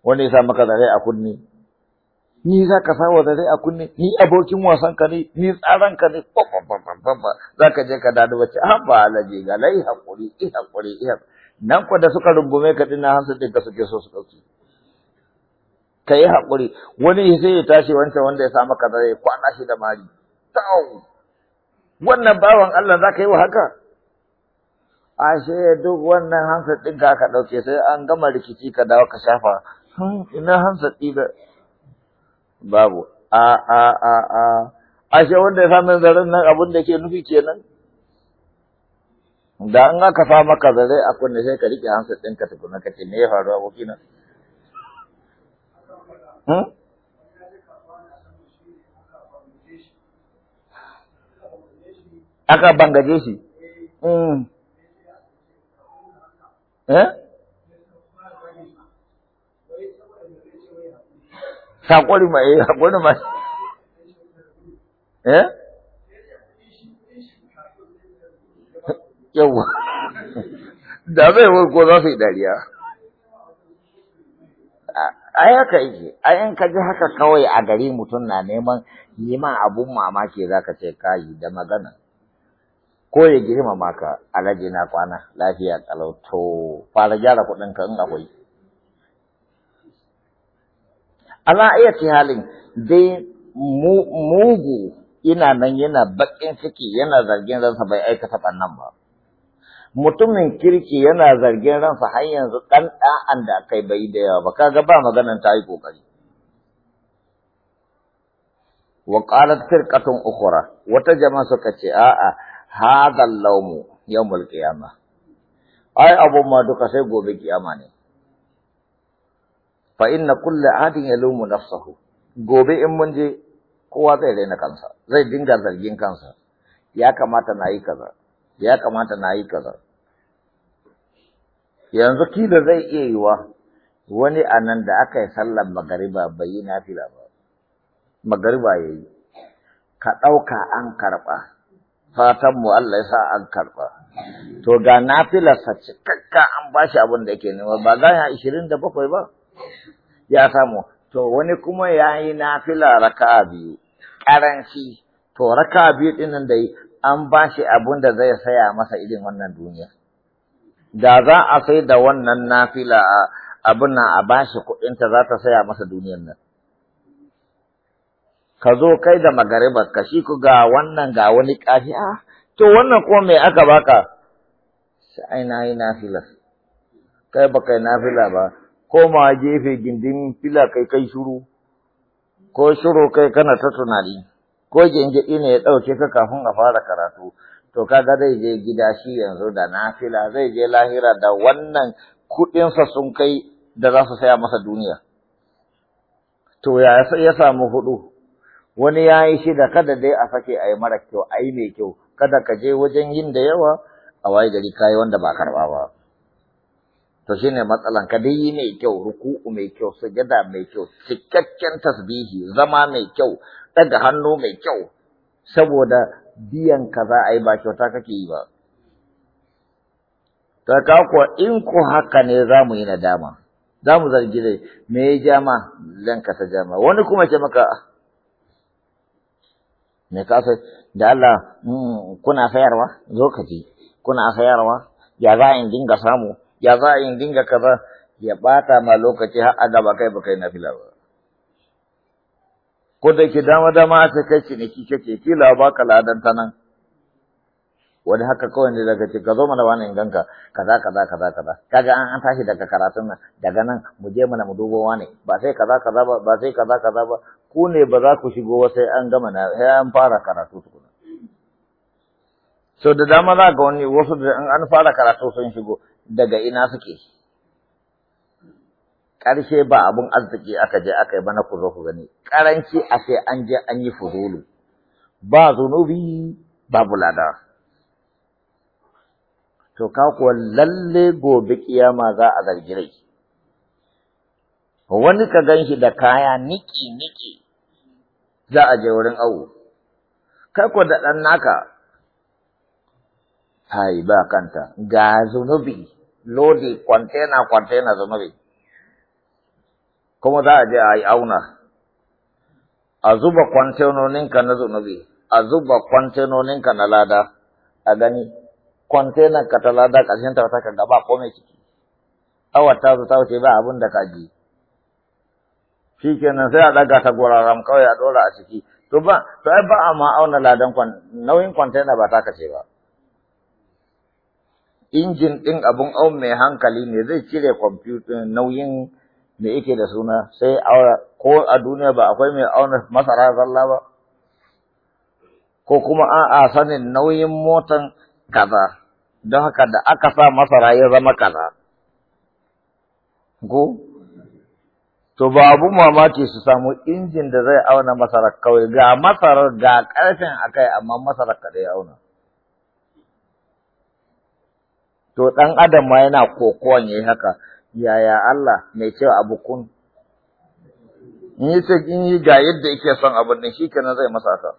wani ya sa maka zare a kunne ni za ka sa wa zare a kunne ni abokin wasan ka ne ni tsaran ka ne za ka je ka dadu wacce a ah, ba alaji igala yi haƙuri yi haƙuri yi haƙuri nan kwa da suka rungume ka ɗin na hansu ɗin ka suke so su ɗauki ka yi haƙuri wani sai ya tashi wancan wanda ya sa maka zare kwana shi da mari tau wannan bawan Allah za ka yi wa haka ashe duk wannan hansa ɗinka aka ɗauke sai an gama rikici ka dawo ka shafa hmm, ina hansa ɗida babu a a a a ashe wanda ya samun zaren nan abin da ke nufi kenan da an aka sa maka zare a kunne sai ka riƙe hansa ɗinka tukuna ka ce me ya faru abokina? Hmm? aka bangaje shi hmm. Saƙwari ma eh haƙuri ma eh yawa da bai wai ko za su yi dariya ai haka yake ai in ka ji haka kawai a gari mutum na neman yi ma abun mamaki ka ce kayi da magana ko ya girmama ka alaje na kwana lafiya kalau to fara gyara kuɗin ka in akwai ala iya ci halin dai mugu ina nan yana bakin ciki yana zargin ransa bai aikata bannan ba mutumin kirki yana zargin ransa har yanzu ɗan ɗa'an da kai bai da yawa ba kaga ba maganan ta yi ƙoƙari wa qalat firqatun ukhra wata jama'a suka ce a'a hadal laumu yaumul qiyamah ai abun ma duka sai gobe kiyama ne fa inna kulla adin yalumu nafsahu gobe in mun je kowa zai raina kansa zai dinga zargin kansa ya kamata na yi kaza ya kamata na kaza yanzu kila zai iya yi wa? wani a nan da aka yi sallar magariba bai yi nafila ba magariba ya yi ka ɗauka an karɓa fatan mu Allah ya sa an karba to ga sa cikakka an bashi abin da yake nema ba ga ishirin da ba ya samu to wani kuma yayi nafila raka'a biyu karanci to raka'a biyu din nan da an bashi abin da zai saya masa irin wannan duniya da za a sai da wannan nafila abin nan a bashi ta za ta saya masa duniyar nan ka zo kai da magaribar ka shi ku ga wannan ga wani ƙafi a ah, to wannan ko me aka baka sai ai na yi kai ba kai nafila ba koma gefe gindin fila kai kai shuru ko shuru kai kana ta tunani ko gingiɗi ne ya ɗauke ka kafin a fara karatu to kaga zai je gida shi yanzu da nafila zai je lahira da wannan kuɗinsa sun kai da za su saya masa duniya to ya ya samu hudu wani ya yi shida, kada dai a sake a yi mara kyau a yi mai kyau kada ka je wajen yin da yawa a waye gari kayi wanda ba karɓa ba to shine matsalan ka dai yi mai kyau ruku'u mai kyau sujada mai kyau cikakken tasbihi zama mai kyau daga hannu mai kyau saboda biyan ka za a yi ba kyauta kake yi ba ta kuwa in ku haka ne za mu yi nadama za mu zargi dai me ya jama zan kasa jama wani kuma ce maka ah, me kasa da Allah mm, kuna sayarwa zo ka ji kuna sayarwa ya za in dinga samu ya za in dinga kaza ya bata ma lokaci har a gaba kai ba kai na fila ba ko da ke dama dama a ta kai ciniki kake kila ba ka ladan ta nan wani haka kawai ne daga cikin gazo mana wani in ganka kaza kaza kaza kaza kaga an tashi daga karatun nan daga nan mu je mana mu dubo wani ba sai kaza kaza ba ba sai kaza kaza ba ku ne ba za ku shigo ba sai an gama na sai an fara karatu tukuna so da dama za ga wani wasu da an fara karatu sun shigo daga ina suke ƙarshe ba abun arziki aka je aka yi bana ku zo ku gani ƙaranci a sai an je an yi fuzulu ba zunubi babu lada to ka kuwa lalle gobe kiyama za a zargi wani ka gan shi da kaya niki niki za a je wurin awo kai ko da ɗan naka hai ba kanta ga zunubi lodi kwantena kwantena zunubi kuma za a je a yi auna a zuba kwantenoninka na zunubi a zuba kwantenoninka na lada a gani kwantenan ka talada ƙarshen ta ka gaba mai ciki awar ta zo ta wuce ba abin da ka ji shi kenan sai a ɗaga ta guraram kawai a ɗora a ciki to ba to ai ba a ma auna ladan kwan nauyin kwantena ba ta kace ba injin ɗin abun au mai hankali ne zai cire kwamfuta nauyin me yake da suna sai aura ko a duniya ba akwai mai auna masara zalla ba ko kuma a'a sanin nauyin motan kaza don haka da aka sa masara ya zama kaza ko to ba abu mamaki su samu injin da zai auna masara, kawai ga masarar ga ƙarfin akai amma masarar kaɗai auna to dan adam ma yana kokon yayi haka yaya Allah mai cewa abu kun in yi in yi ga yadda yake son abin shi kenan zai masa haka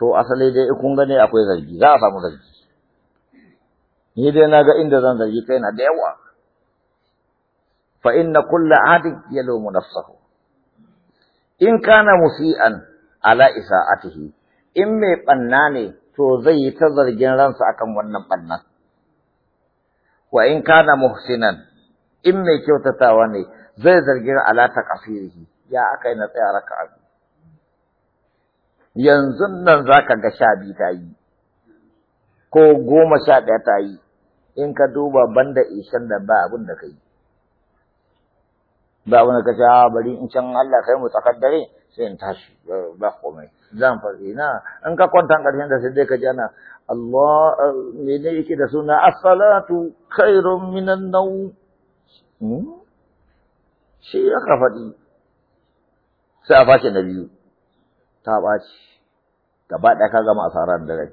to asali dai in kun gane akwai zargi za a samu zargi ni dai na ga inda zan zargi kaina na da yawa fa inna kulla adin yalumu nafsahu in kana musi'an ala isa'atihi in mai banna ne to zai yi ta zargin ransa akan wannan banna wa in kana muhsinan in mai kyautatawa ne zai zargi ala taqsirihi ya akai na tsaya raka'a yanzu nan za ka ga sha biyu ta yi, ko goma sha ɗaya ta yi, in ka duba banda ishan da ba abin da ka yi. Ba abin da ka ce, ah, bari in can Allah kai mu tsakar dare sai in tashi ba komai. Zan farki na, in ka kwanta ƙarshen da sai dai ka jana ana, Allah mene yake da suna as-salatu khairun minan nau. Hmm? Shi ya ka faɗi. Sai a fashe na biyu. ta ɓaci gaba ɗaya ka gama asarar da rai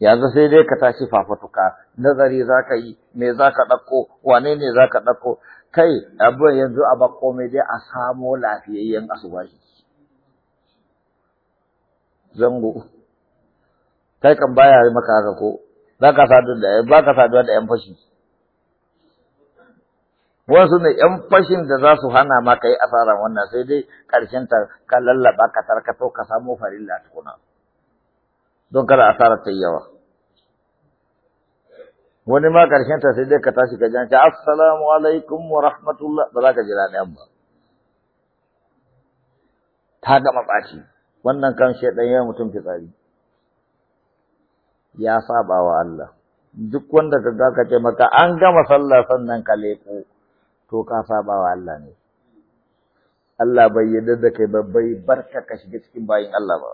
yanzu sai dai ka tashi fafatuka nazari za ka yi me za ka ɗauko wane ne za ka ɗauko kai abu yanzu a bako mai dai a samo lafiyayyen shi zango kai kan baya maka haka ko ba ka saduwa da ƴan fashi wasu ne ƴan fashin da za su hana ma ka yi asara wannan sai dai ƙarshen ta ka lallaba ka tarkato ka samu farilla tukuna don kada asara ta yawa wani ma ƙarshen ta sai dai ka tashi ka janci assalamu alaikum wa rahmatullah ba za ka jira ne amma ta gama ɓaci wannan kan shaidan ya mutum fitsari ya saba wa Allah duk wanda ka ga ka ce maka an gama sallah sannan ka leƙo to ka saba wa Allah ne Allah bai yadda da kai ba bai barka ka shiga cikin bayin Allah ba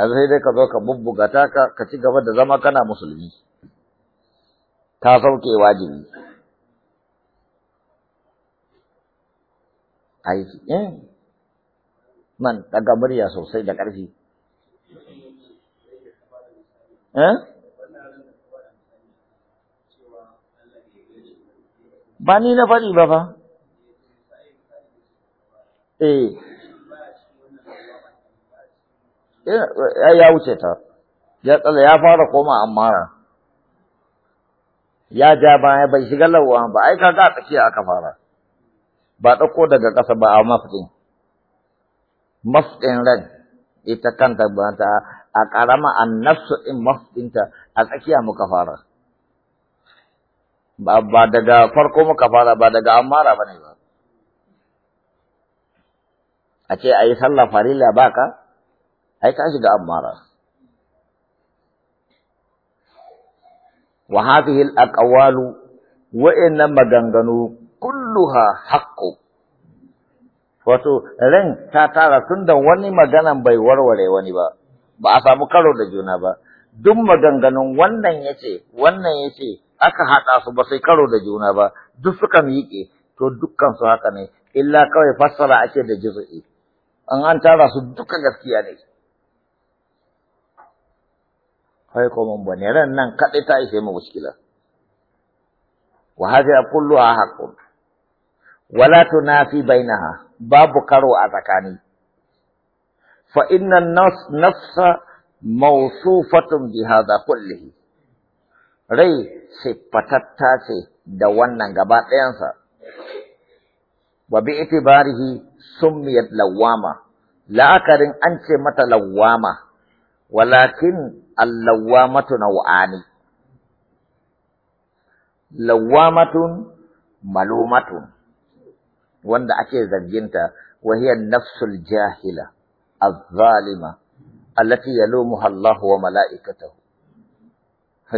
a sai dai ka zo ka bubbuga ta ka ka ci gaba da zama kana musulmi ta sauke wajibi aiki eh man daga murya sosai da ƙarfi eh ba ni na faɗi ba fa eh, eh ya wuce ta ya tsala ya fara koma amara ya ja baya bai shiga lawa ba ai kaga a tsakiya aka fara ba ɗauko daga ƙasa ba a mafɗin mafɗin ran ita kanta ba ta a ƙarama annasu in mafɗinta a tsakiya muka fara ba daga farko muka fara ba daga amara ba ne ba a ce a yi sallah farila ba ka ai ka shiga amara wa hadhihi al-aqwalu maganganu kulluha haqqu wato ran ta tara tun da wani maganan bai warware wani ba ba a samu karo da juna ba duk maganganun wannan yace wannan yace aka haɗa su ba sai karo da juna ba duk suka miƙe to dukkan su haka ne illa kawai fassara ake da juz'i an an tara su duka gaskiya ne kai ko mun bane ran nan kadai ta ishe mu muskila wa hadha kulluha haqqun wala tunafi bainaha babu karo a tsakani fa inna nafsa mawsufatun bi hadha kullihi rai sai fatatta ce da wannan gaba ɗayansa. Wa bi itibarihi summiyat lawama, la'akarin an ce mata lawama, walakin allawamatu nau'ani. Lawamatun malumatun, wanda ake zarginta, wahiyar nafsul jahila, az-zalima, allati yalumuha Allah wa mala'ikatahu.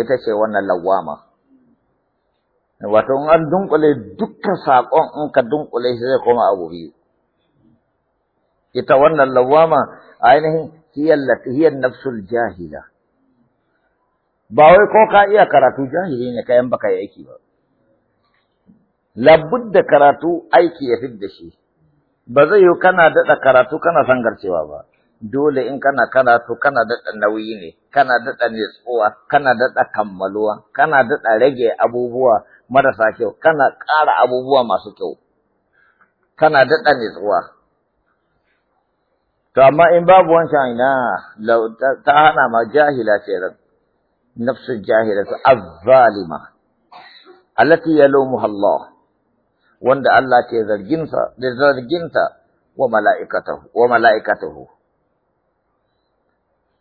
ita ce wannan lawama wato in an dunkule dukkan saƙon in ka dunkule shi zai koma abu biyu ita wannan lawama ainihin hiyar hiyar nafsul jahila ba wai ko ka iya karatu jahili ne kayan baka yi aiki ba da karatu aiki ya fidda shi ba zai yi kana daɗa karatu kana sangarcewa ba dole in kana karatu kana daɗa nauyi ne, kana daɗa nitsuwa, kana daɗa kammaluwa, kana daɗa rage abubuwa marasa kyau, kana kara abubuwa masu kyau, kana daɗa nitsuwa. To, amma in babu wancan ina ta hana ma jahila ce nafsu jahila ta azzalima, allati yalumu Allah, wanda Allah ke zarginsa, da zarginta wa mala'ikatahu, wa mala'ikatahu.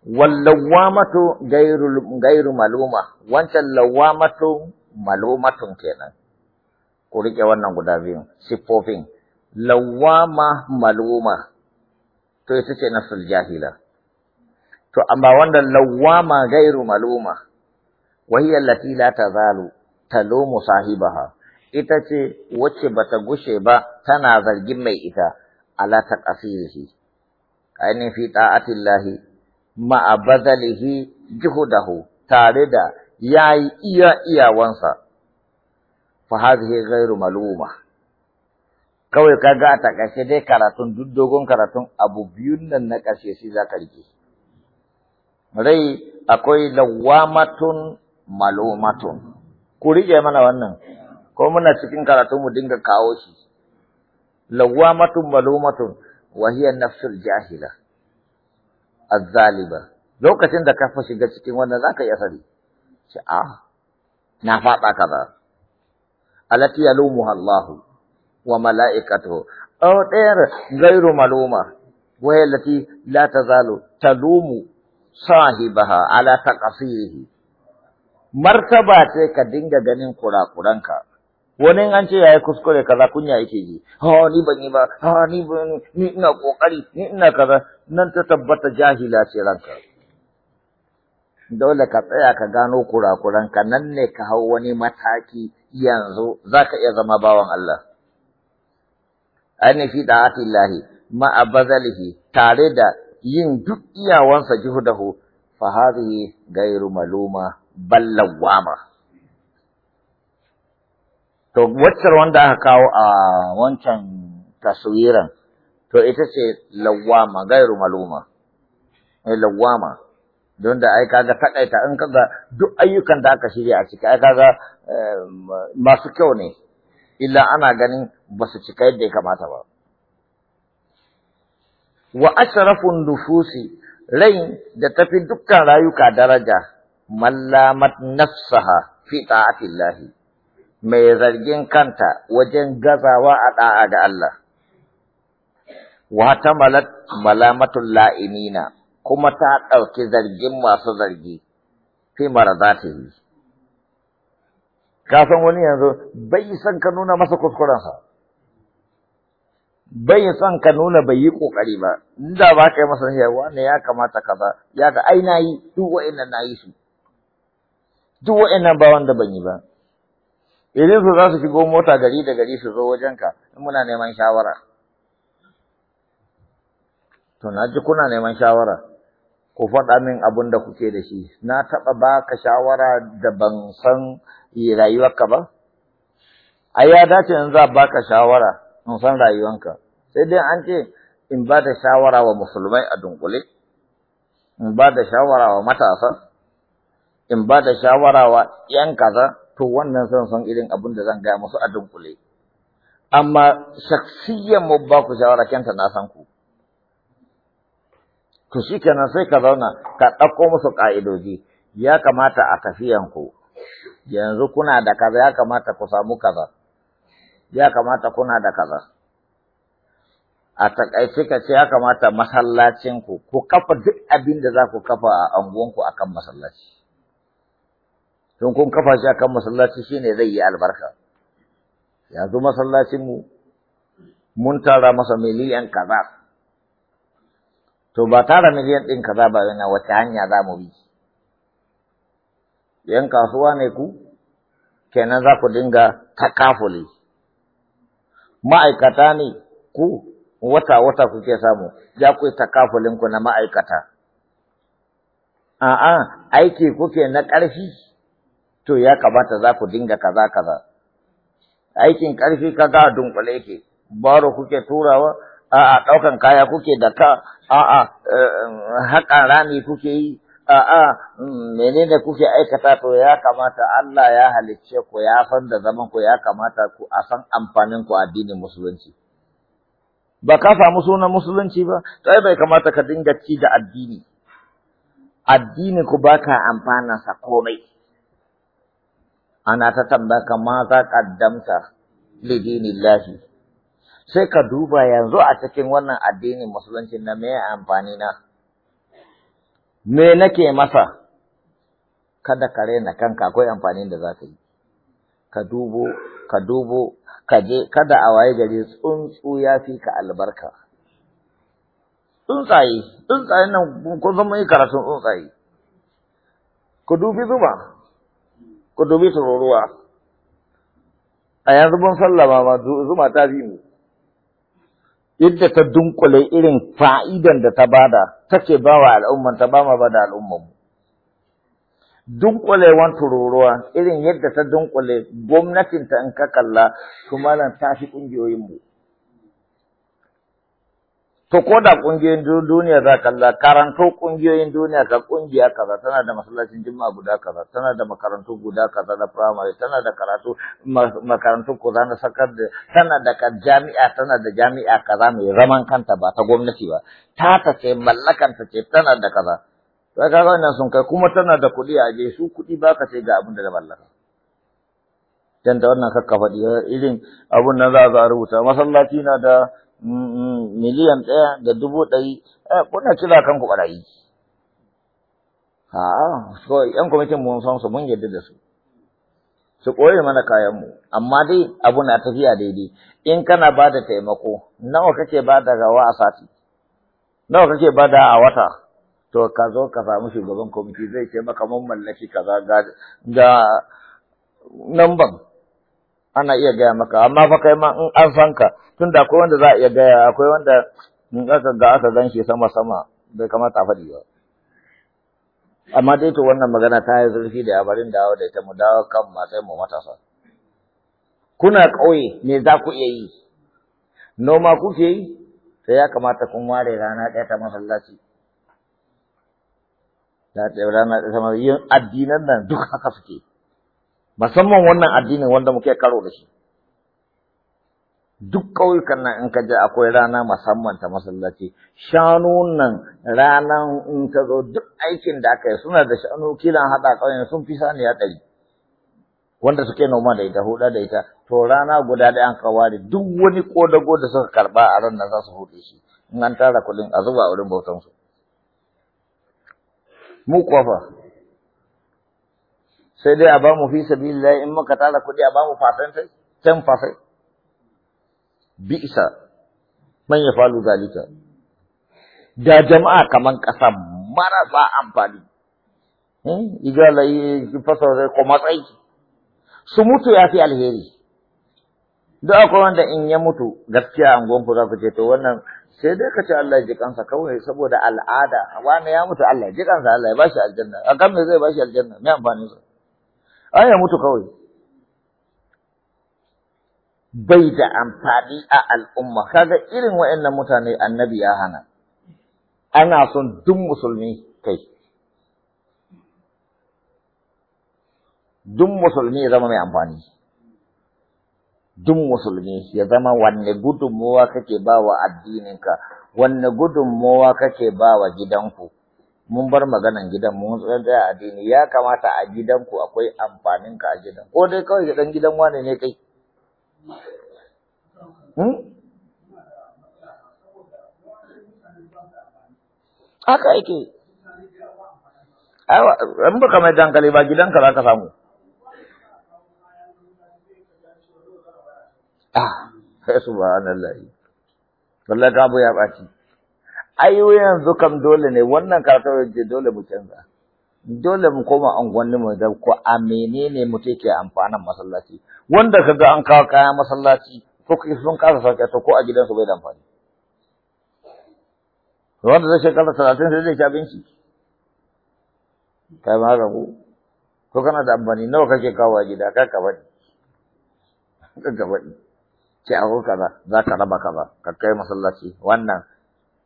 wallawamatu gairu gairu maluma wancan lawamatu malumatun kenan ku rike wannan guda biyun siffofin lawama maluma to ita ce nafsul jahila to amma wannan lawama gairu maluma hiya allati la tazalu talumu sahibaha ita ce wacce bata gushe ba tana zargin mai ita ala taqasirihi ainihin fi ta'atillahi ma'a bazalihi juhudahu tare da ya yi iya iyawansa fa hadhihi ghairu maluma kawai ka ga a takashe dai karatun duk karatun abu biyun nan na ƙarshe shi za ka rike rai akwai lawamatun malumatun ku rike mana wannan ko muna cikin karatun mu dinga kawo shi lawamatun malumatun wa hiya nafsul jahila azzaliba lokacin da ka shiga cikin wannan zaka yi asali ce a ah, na faɗa kaza alati yalumuha Allahu wa mala'ikatu. aw tayr ghayru maluma wa allati la tazalu talumu sahibaha ala taqsirihi martaba ce ka dinga ganin kurakuranka wani an ce yayi kuskure kaza kunya yake ji ha ni ban yi ba ha ni ban ni ina kokari ni ina kaza nan ta tabbata jahila ce ranka dole ka tsaya ka gano kurakuran ka nan ne ka hau wani mataki yanzu zaka iya zama bawan Allah ainihi da da'atillahi ma'a bazalihi tare da yin duk iyawansa juhudahu fa hadhihi gairu maluma ballawama To waccar wanda aka kawo a wancan taswiran to ita ce lawama gairu maluma. Eh lawama don da ai kaga takaita in kaga duk ayyukan da aka shirya a ciki ai kaga eh, masu kyau ne illa ana ganin ba su cika yadda ya kamata ba. Wa ashrafun nufusi rai da tafi dukkan rayuka daraja mallamat nafsaha fi ta'atillahi mai zargin kanta wajen gazawa a ɗa'a da Allah. Wata malamatun la'inina kuma ta ɗauki zargin masu zargi fi mara za ta yi. Kasan wani yanzu bai san ka nuna masa kuskurensa, bai san ka nuna bai yi ƙoƙari ba, inda ba ka yi masa yawa ne ya kamata kaza, ya ka ai na yi duk wa'in na yi su, duk wa'in ba wanda ban yi ba. idan su za su shigo mota gari da gari su zo wajenka in muna neman shawara to na ji kuna neman shawara ku faɗa min abin da kuke da shi na taɓa ba ka shawara da ban san rayuwarka ba ai ya dace in za ba ka shawara in san rayuwarka sai dai an ce in ba da shawara wa musulmai a dunkule in ba da shawara wa matasa in ba da shawara wa 'yan kaza to wannan zan san irin abin da zan gaya musu a dunkule amma shaksiyan mu ba ku shawara kenta na san ku to shi kenan sai ka zauna ka ɗauko musu ƙa'idoji ya kamata a tafiyan ku yanzu kuna da kaza ya kamata ku samu kaza ya kamata kuna da kaza a takaice ka ce ya kamata masallacinku ku kafa duk abin da za ku kafa a anguwanku akan masallaci sun kun kafa shi akan masallaci shine zai yi albarka yanzu masallacin mu mun tara masa miliyan kaza to ba tara miliyan din kaza ba yana wata hanya za mu bi yan kasuwa ne ku kenan za ku dinga takafuli ma'aikata ne ku wata wata kuke samu Ya ku takafulin ku na ma'aikata a'a aiki kuke na ƙarfi to ya kamata za ku dinga kaza kaza aikin ƙarfi kaga dunkule yake baro kuke turawa a'a ɗaukan kaya kuke da ka a'a eh, haƙa rami kuke yi a'a menene kuke aikata to ya kamata Allah ya halicce ku ya san da zaman ku ya kamata ku a san amfanin ku addinin musulunci ba ka samu sunan musulunci ba to ai bai kamata ka dinga ci da addini addini ku baka amfana sa komai ana ta tambaka ma za kaddamta lidinillahi sai ka duba yanzu a cikin wannan addinin musulunci na me amfani na me nake masa kada ka rena kanka akwai amfanin da za ka yi ka dubo ka dubo ka je kada a waye gari tsuntsu ya fi ka albarka tsuntsaye tsuntsaye nan kun zama yi karatun tsuntsaye ku dubi zuba ku dubi tururuwa a yanzu mun sallama ma zuma ta bi mu yadda ta dunkule irin fa'idan da ta bada take bawa wa al'umman ta ba ma da al'umman mu Dunkule wani tururuwa irin yadda ta dunkule gwamnatinta in ka kalla su malam ta fi kungiyoyin mu To ko da ƙungiyoyin duniya za kalla karanto ƙungiyoyin duniya ka ƙungiya kaza tana da masallacin juma'a guda kaza tana da makarantu guda kaza na firamare tana da karatu makarantu kaza na sakar da tana da jami'a tana da jami'a kaza mai zaman kanta ba ta gwamnati ba ta ta ce mallakanta ce tana da kaza sai kaga wannan sun kai kuma tana da kuɗi a je su kuɗi ba ka ce ga abin da da mallaka dan da wannan kakka faɗi irin abun nan za a rubuta masallaci na da Mm, mm, miliyan ɗaya da dubu ɗari eh, kuna kira kanku ɓarayi. A'a, so ‘yan kwamitin mun san su mun yadda da su. Su ɓoye mana kayanmu, amma dai abu na tafiya daidai. In kana ba da taimako, nawa kake ba da gawa a sati? Nawa kake ba da a wata? To ka zo ka samu shugaban kwamiti zai ce maka mun mallaki kaza ga namban ana iya gaya maka amma fa kai ma in an san ka tunda akwai wanda za a iya gaya akwai wanda in aka ga aka gan shi sama sama bai kamata a faɗi ba amma dai to wannan magana ta yi zurfi da abarin dawo da ita mu dawo kan matsayin mu matasa kuna ƙauye me za ku iya yi noma kuke yi sai ya kamata kun ware rana ɗaya ta masallaci rana ɗaya ta masallaci addinan nan duk haka suke musamman wannan addinin wanda muke karo da shi duk ƙauyukan nan in ka je akwai rana musamman ta masallaci shanu nan ranan in ka zo duk aikin da aka yi suna da shanu kilan haɗa ƙauyen sun fi ya ɗari wanda suke noma da ita huɗa da ita to rana guda da an kaware duk wani ƙodago da suka karɓa a ran nan za su huɗe shi in an tara kuɗin a zuba a wurin bautansu mu kuwa sai dai a ba mu fi lai in maka tara kuɗi a ba mu fasantai ten fasai bi isa man ya falu zalika da jama'a kaman ƙasa marasa amfani eh, igala yi fasa zai ko matsayi su mutu ya fi alheri duk akwai wanda in ya mutu gaskiya an ku za ku ce to wannan sai dai ka ce Allah ji kansa kawai saboda al'ada wani ya mutu Allah ji kansa Allah ya bashi aljanna a kan me zai bashi aljanna me amfani sa an ya mutu kawai bai da amfani a al'umma kaga irin waɗannan mutane annabi ya hana ana son duk musulmi kai duk musulmi ya zama mai amfani duk musulmi ya zama wanne gudunmowa kake ba wa addininka wanne gudunmowa kake ba wa gidanku mun bar maganan gidan mun tsaya da addini ya kamata a gidanku akwai amfanin ka a gidan ko dai kawai dan gidan wane ne kai hmm haka yake awa an baka mai dankali ba gidanka za ka samu ah (laughs) subhanallahi wallahi ka abu ya ai yanzu kam dole ne wannan karatu je dole mu canza dole mu koma unguwanni mu da ko a menene mu take amfanin masallaci wanda kaga an kawo kaya masallaci ko sun kasa sauke to ko a gidansu bai da amfani wanda zai shekara talatin sai zai ci abinci kai ma ku ko kana da amfani nawa kake kawo a gida ka ka bari ka ka bari Ki a kaza za ka raba kaza ka kai masallaci wannan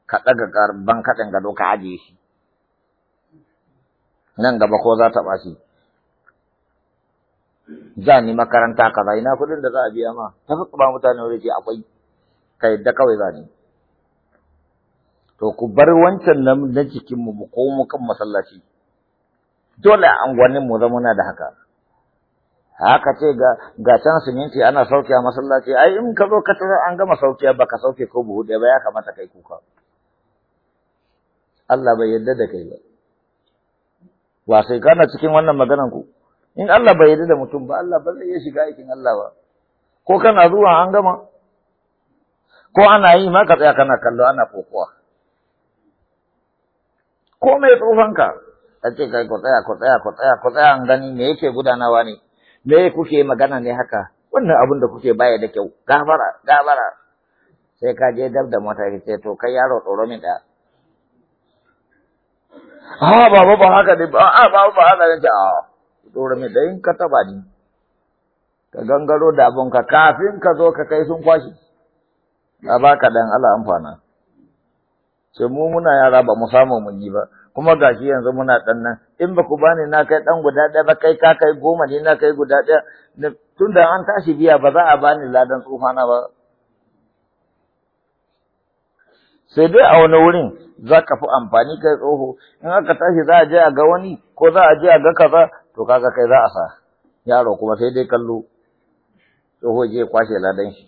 ka ɗaga garban kaɗin ga ka ajiye shi nan gaba ko za ta ɓaci za ni makaranta kaza ina kuɗin da za a biya ma ta fi ba mutane wuri ce akwai ka yadda kawai za ni to ku bar wancan nan na jikinmu mu mu kan masallaci dole a anguwannin mu zama na da haka haka ce ga ga can siminti ana sauke a masallaci ai in ka zo ka an gama sauke ba ka sauke ko buhu ɗaya ba ya kamata kai kuka Allah bai yarda da kai ba wa sai kana cikin wannan maganan ku in Allah bai yarda da mutum ba Allah ba zai shiga aikin Allah ba ko kana zuwa an gama ko ana yi ma ka tsaya kana kallo ana kokowa ko mai tsofanka a ce kai ku tsaya ku tsaya ku tsaya ku tsaya an gani me yake gudanawa ne me kuke magana ne haka wannan abin da kuke baya da kyau gabara gabara sai ka je dab da mota ce to kai yaro tsoro min da a baba ba haka ne ba a baba ba haka mai ka taba ni ka gangaro da ka kafin ka zo ka kai sun kwashi a ka dan Allah amfana sai mu muna yara ba mu samu mun yi ba kuma gashi yanzu muna dan nan in ba ku bani na kai dan guda ɗaya ba kai ka kai goma ne na kai guda ɗaya tunda an tashi biya ba za a bani ladan tsufana ba sai dai a wani wurin za ka fi amfani kai tsoho in aka tashi za a je a ga wani ko za a je a ga kaza to kaga kai za a sa yaro kuma sai dai kallo tsoho je kwashe ladan shi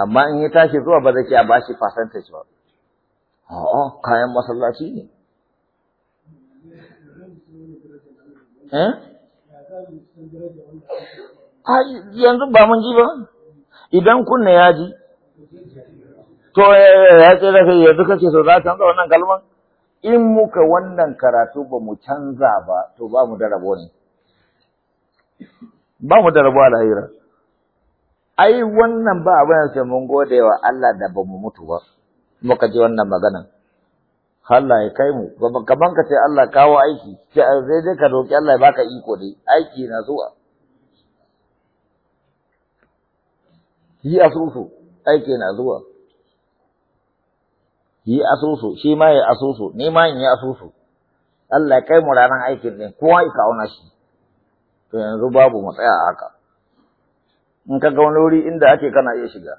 amma in ya tashi zuwa ba zai ce a bashi percentage ba a'a kayan masallaci ne eh yanzu ba mun ji ba idan kunna ya ji to eh, eh, ya ce da kai yanzu kace to za canza wannan kalman in muka wannan karatu ba mu canza ba to ba mu da rabo ne ba mu da rabo a lahira ai wannan ba abin da mun gode wa Allah da ba mu mutu ba muka ji wannan magana Allah ya kai mu kaman ka ce Allah kawo aiki sai dai ka roki Allah ya baka iko dai aiki na zuwa yi asusu aiki na zuwa yi asusu shi ma ya asusu ni ma yi asusu Allah kai mu ranar aikin din kowa ya auna shi to yanzu babu mu tsaya haka in ka ga wani wuri inda ake kana iya shiga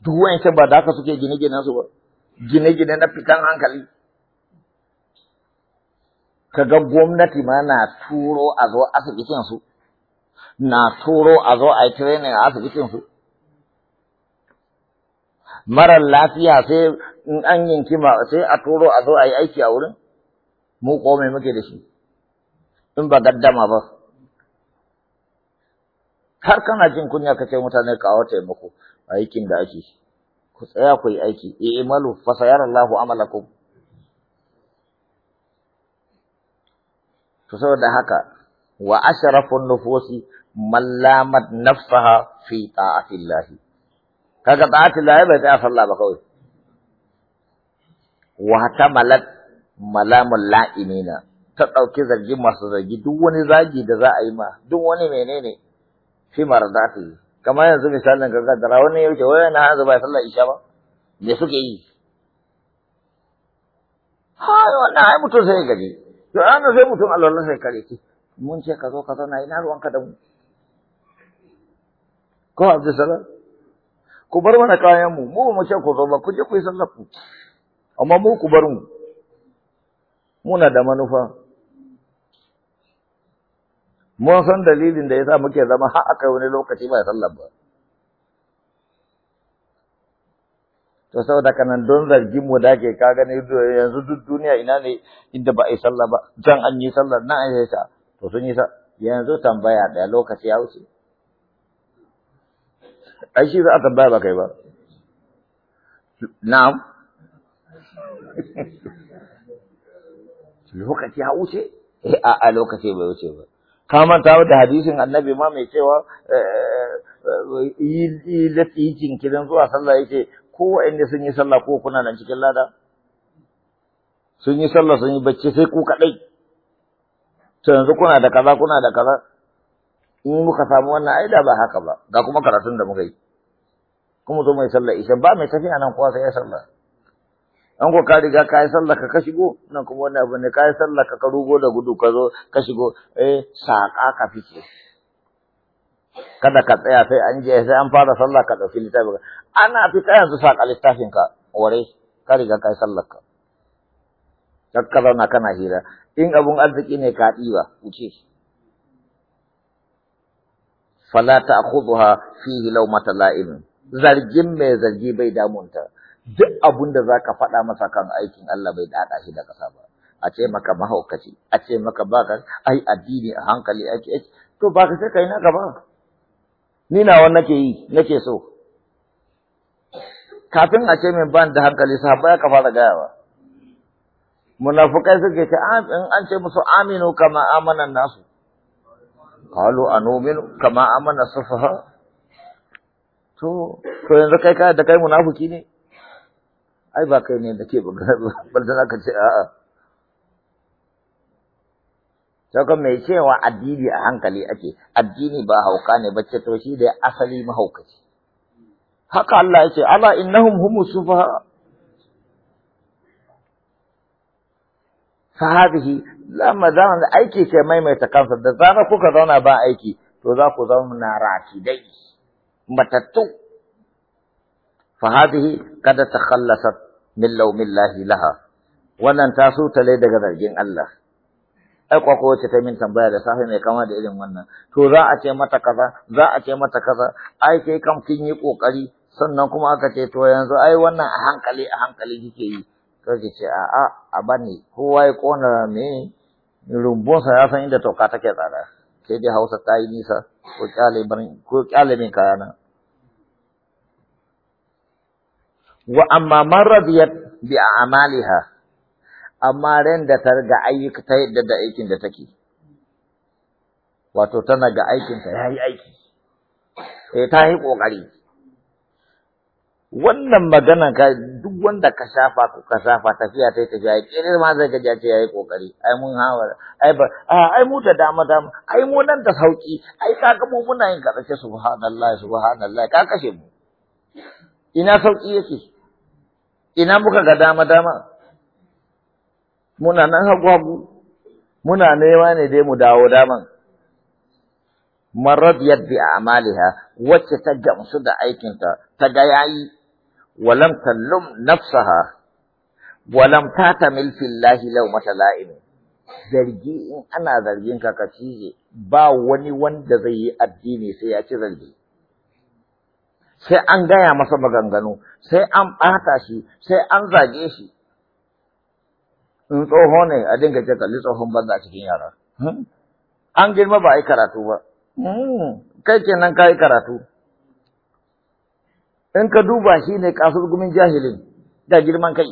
duk wayancan ba da haka suke gine-ginen su ba gine-gine na fitan hankali ka ga gwamnati ma na turo a zo asibitin su na turo a zo a yi training a asibitin su marar lafiya sai in an yanki ma sai a turo a zo a yi aiki a wurin mu ko muke da shi in ba gaddama ba har kana jin kunya kace mutane kawo taimako aikin da ake ku tsaya ku yi aiki i'malu eh, eh, fa sayarallahu amalakum to saboda haka wa ashrafun nufusi mallamat nafsaha fi ta'atillahi kaga ta'atul lahi bai tsaya sallah ba kawai wa malat malamul la'inina ta dauki zargi masu zargi duk wani zagi da za a yi ma duk wani menene fi marzati kamar yanzu misalin kaga da rawon ne yake wai na hazu bai sallah isha ba me suke yi ha wannan ai mutum sai gaji to an sai mutum Allah sai kare ki mun ce ka zo ka zo na ina ruwanka da mu ko Abdulsalam ku bar mana kayan mu mu mu ce ku zo ba ku je ku yi sallah ku amma mu ku bar mu muna da manufa mun san dalilin da yasa muke zama har aka wani lokaci ba sallah ba to saboda kanan don zargin mu da ke ka gani yanzu duk duniya ina ne inda ba a yi sallah ba can an yi sallah na an yi sa to sun yi sa yanzu tambaya da lokaci ya wuce ai shi za a tambaya ba kai ba na'am lokaci ya wuce eh a a lokaci bai wuce ba ka manta da hadisin annabi ma mai cewa eh, eh, yi lati jinkirin zuwa sallah yake ko inda sun yi sallah ko kuna nan cikin lada sun yi sallah sun yi bacci sai ku kadai to yanzu kuna da kaza kuna da kaza in muka samu wannan aida ba haka ba ga kuma karatun da muka yi kuma zo mai sallah isha ba mai tafiya nan kuwa sai ya salla an ko ka riga ka yi sallah ka shigo nan kuma wannan abu ne ka yi sallah ka ka rugo da gudu ka zo ka shigo eh saƙa ka fice kada ka tsaya sai an je sai an fara sallah ka ɗauki littafin ana fita yanzu saƙa littafin ka ware ka riga ka yi sallah ka ka zauna kana hira in abun arziki ne ka ɗiba wuce fala ta akhudha fihi lawmata la'im zargin mai zargi bai damunta duk abun da zaka faɗa masa kan aikin Allah bai dada shi da kasa ba a ce maka mahaukaci a ce maka baka ai addini a hankali ake to baka sai kai na gaba? ni nawa nake yi nake so kafin a ce min ban da hankali ya kafa da gayawa munafukai suke ce ah, an ce musu aminu kama amanan nasu قالوا أنؤمن kama aman السفهاء to to yanzu kai ka da kai munafiki ne ai ba kai ne da ke (laughs) balzana ka ce a'a Saka mai cewa addini a hankali ake, addini ba hauka ne bacce to shi da asali mahaukaci. Haka Allah ya ce, Allah innahum humu sufaha fa hadhihi lamma zaman da aiki ke maimaita kansa da zarar kuka zauna ba aiki to za ku zauna rafidai matattu fa hadhihi kada takhallasat min laumillahi laha wannan ta sutale daga zargin Allah ai kwakwa wacce ta min tambaya da safe mai kama da irin wannan to za a ce mata kaza za a ce mata kaza ai kai kam kin yi kokari sannan kuma aka ce to yanzu ai wannan a hankali a hankali kike yi sai ce a'a a bani kowa ya kona me rumbunsa ya san inda toka take tsada sai dai hausa ta yi nisa ko kyale ko kyale min kayana wa amma man radiyat bi a'maliha amma ran da ta ga ayyuka ta yadda da aikin da take wato tana ga aikin ta yayi aiki sai eh, ta yi kokari wannan magana ka duk wanda ka shafa ko ka shafa tafiya tai tafiya ai kirir ma zai gaji ce yayi kokari ai mun hawa ai ba ai mu da dama dama ai mu nan da sauki ai ga mu muna yin karshe subhanallahi subhanallahi ka kashe mu ina sauki yake ina muka ga dama dama muna nan hagu hagu muna nema ne dai mu dawo daman man radiyat bi a'maliha wacce ta gamsu da aikinta ta ga yayi ولم تلم نفسها ولم تعتمل في الله لومة لائم zargi in ana zargin ka ka cije ba wani wanda zai yi addini sai ya ci zargi sai an gaya masa maganganu sai an ɓata shi sai an zage shi in tsoho ne a dinga ce kalli tsohon banza cikin yara an girma ba a yi karatu ba kai kenan ka yi karatu in ka duba shi ne kasar jahilin da girman kai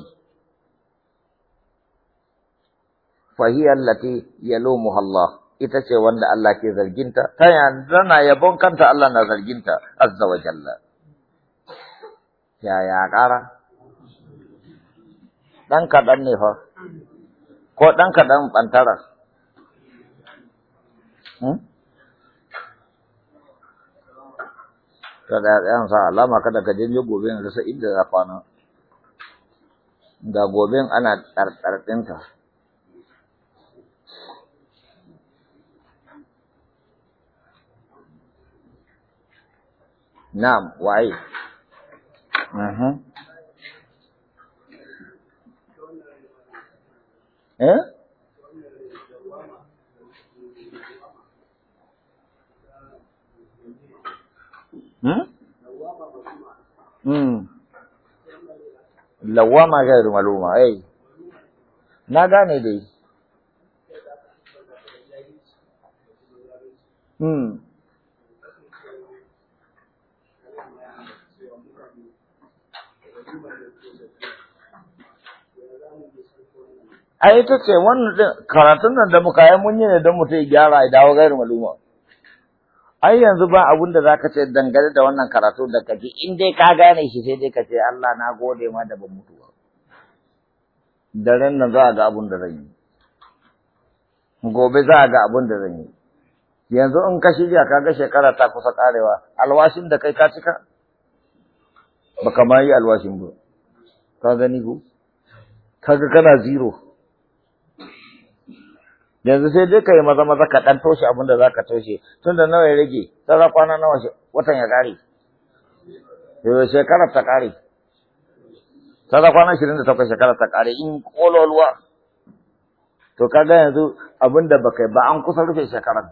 fahiyar lati yalo muhalla ita ce wanda Allah ke zarginta ta yana yabon kanta Allah na zarginta azza wa jalla yaya ƙara ɗan kaɗan ne fa ko ɗan kaɗan ɓantara hmm? kada ya sa alama kada ka je gobe na rasa inda za kwana Da gobe ana tsartsar ɗinta na'am waye mhm. eh lawama gairu maluma ai na gane dai Hmm. ai ita ce wannan karatun nan da muka yi mun yi ne don mutum ya gyara yi dawo gairu maluma ai yanzu ba abun da zaka ce dangane da wannan karatu da kake in dai ka gane shi sai dai ka ce Allah na gode ma da ban mutu ba daren nan za a ga abun da zan yi gobe za a ga abun da zan yi yanzu in ka shirya ka ga shekara ta kusa karewa alwashin da kai ka cika baka ma yi alwashin ba ka gani ko kaga kana zero yanzu sai dai ka yi maza maza ka ɗan toshe abin da za ka toshe tun da nawa ya rage tsara kwana nawa watan ya ƙare yau shekarar ta ƙare tsara kwana ashirin da takwas shekarar ta ƙare in ƙololuwa to kaga yanzu abin da ba kai ba an kusa rufe shekarar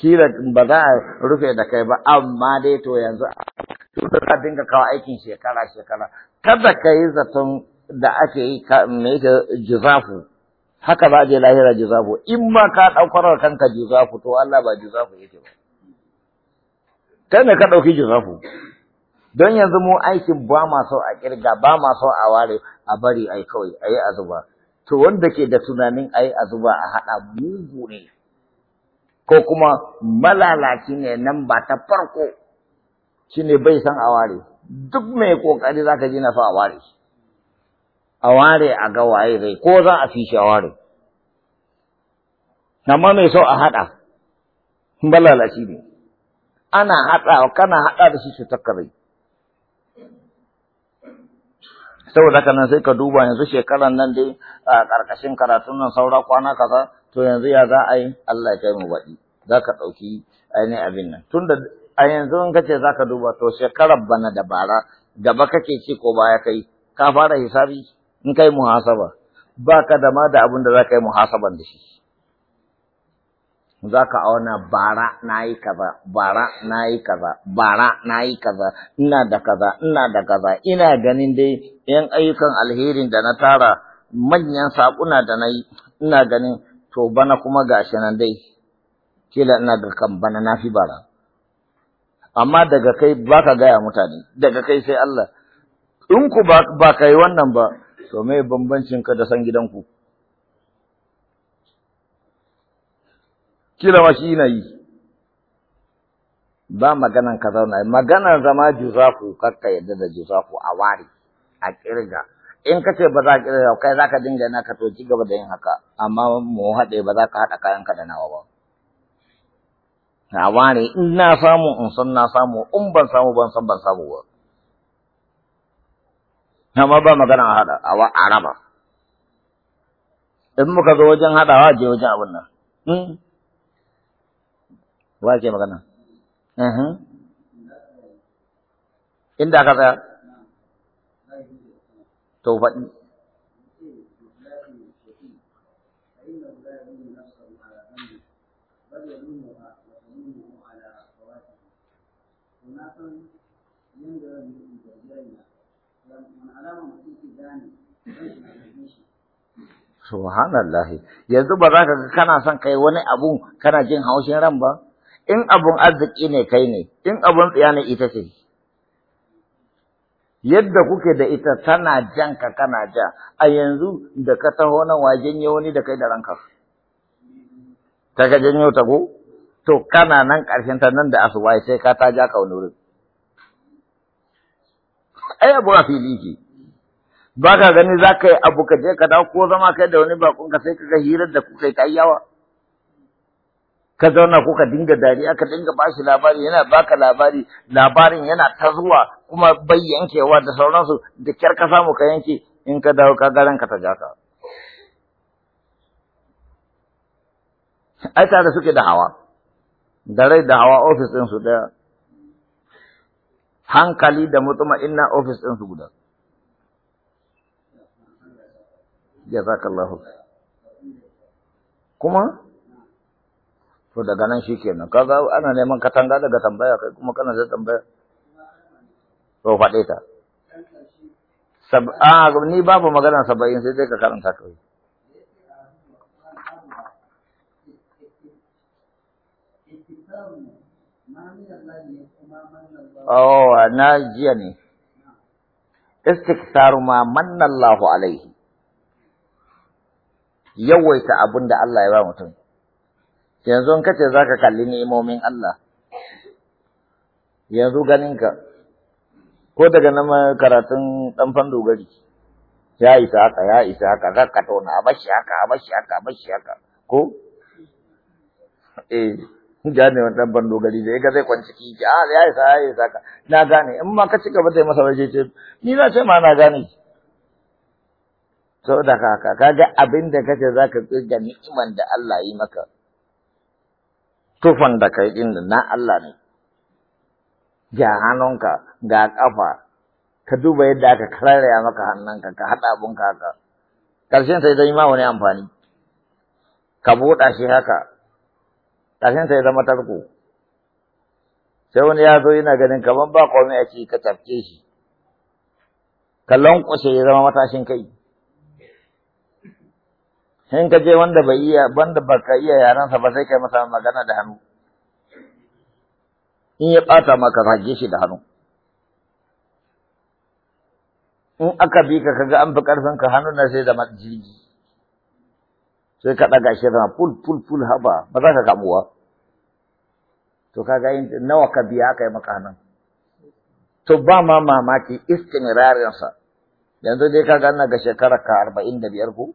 kila ba za a rufe da kai ba amma dai to yanzu tun da za dinga kawo aikin shekara shekara kada ka yi zaton da ake yi me yake jizafu haka za a je lahira jizafu in ma ka ɗaukar kanka jizafu to Allah ba jizafu yake ba kai ne ka ɗauki jizafu don yanzu mu aikin ba ma so a kirga ba ma so a ware a bari ai kawai ai azuba to wanda ke da tunanin ai azuba a haɗa mugu ne ko kuma malalaci ne nan ba ta farko shine bai san a ware duk mai kokari zaka ji na fa a ware shi a ware a ga waye zai ko za a fi shi a ware amma mai so a haɗa ba shi ne ana haɗa kana haɗa da shi cutar ka zai saboda haka nan sai ka duba yanzu shekaran nan dai a ƙarƙashin karatun nan saura kwana kaza to yanzu ya za a yi Allah ya kai mu baɗi za ka ɗauki ainihin abin nan tunda a yanzu in kace za ka duba to shekarar bana da bara gaba kake ci ko baya kai ka fara hisabi in kai muhasaba ba ka da ma da abin da za ka yi muhasaban da shi za ka auna bara na yi kaza bara na yi kaza bara na yi kaza ina da kaza ina da kaza ina ganin dai yan ayyukan alherin da na tara manyan saƙuna da na yi ina ganin to bana kuma gashi nan dai kila ina ga kan bana na fi bara amma daga kai ba ka gaya mutane daga kai sai Allah in ku ba ka yi wannan ba to me bambancin ka da san gidanku kila ma shi na yi ba maganan ka zauna maganar zama juzafu kakka yadda da juzafu a wari a kirga in ka ce ba za ka kirga kai za ka dinga na ka to ci gaba da yin haka amma mu haɗe ba za ka haɗa kayan ka da nawa ba a ware in na samu in san na samu in ban samu ban san ban samu ba amma ba magana a haɗa a araba in muka zo wajen hadawa je wajen abin nan hmm? wa ke magana inda aka tsaya to faɗi Subhanallah. Yanzu ba za ka ga kana son kai wani abu kana jin haushin ran ba? In abun arziki ne kai ne, in abun tsiya ne ita ce. Yadda kuke da ita tana jan ka kana ja, a yanzu da ka taho na wajen ya wani da kai da ranka. Ta ka janyo ta ko? To kana nan ƙarshen ta nan da asuwa sai ka ta ja ka wani wurin. Ai abu a fili ke. ba ka gani za ka yi abu ka je ka dawo ko zama kai da wani bakon ka sai ka ga hirar da kuka yi ta yawa ka zauna ko ka dinga dariya ka dinga bashi labari yana baka labari labarin yana ta zuwa kuma bai yankewa da sauransu da kyar ka samu ka yanke in ka dawo ka garan ka ta jaka ai tare suke da hawa da rai da hawa ofis ɗinsu ɗaya hankali da mutuma ina ofis ɗinsu guda jazakallahu kuma to daga nan shikenan kaga ana neman katanga daga tambaya kai kuma kana da tambaya to faɗe ta sab a ni babu magana saba'in sai dai ka karanta kawai Oh, na jiya ne. Istiktaru ma manna Allahu alaihi. yawaita abin da Allah ya ba mutum yanzu in kace zaka kalli ni'imomin Allah yanzu ganinka ko daga nan karatun dan fando gari ya isa haka ya isa haka zakka tauna a bashi haka a bashi haka a bashi haka ko eh gane wani dan bando gari da ga zai kwanci ki a ah, ya isa ya isa ka na gane in ma ka ci gaba da masa waje ce ni na ce ma na gane shi. sau da haka kaga abin da kace za ka tsirga ni'iman da Allah yi maka tufan da kai din na Allah ne ga hannunka ga kafa ka duba yadda aka kararya maka hannunka ka haɗa abun haka ƙarshen sai zai ma wani amfani ka buɗa shi haka ƙarshen sai zama tarko sai wani ya zo yana ganin kamar ba komai a ciki ka tafke shi ka lankwashe ya zama matashin kai in ka je wanda bai iya wanda baka iya sa ba sai kai masa magana da hannu in ya ɓata maka rage shi da hannu in aka bi ka kaga an fi ƙarfin ka hannu na sai zama jirgi sai ka ɗaga shi zama pul pul pul haba ba za ka kamuwa to kaga in nawa ka biya aka yi maka hannun to ba ma mamaki sa yanzu dai kaga ana ga shekara ka arba'in da biyar ko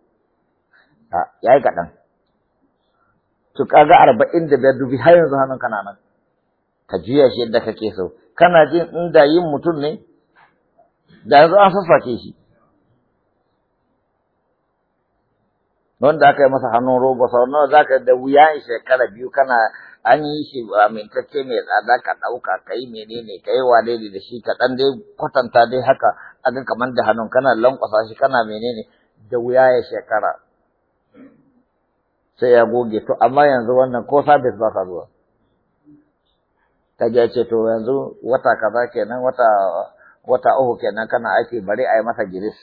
Ah, ya yi kaɗan. To kaga arba'in da biyar dubi har yanzu hannun kana nan. Ka juya shi yadda kake so. Kana jin in da yin mutum ne? Da yanzu an sassake shi. Wanda aka yi masa hannun roba sau nawa za ka da wuya in shekara biyu kana an yi shi amintacce mai tsada ka ɗauka ka yi menene ka yi wane ne da shi ka ɗan dai kwatanta dai haka a ga kamar da hannun kana lankwasa shi kana menene da wuya ya shekara. sai ya goge to amma yanzu wannan ko sabis ba ka zuwa kaje ce to yanzu wata kaza kenan wata wata uku kenan kana aiki bari a yi masa giris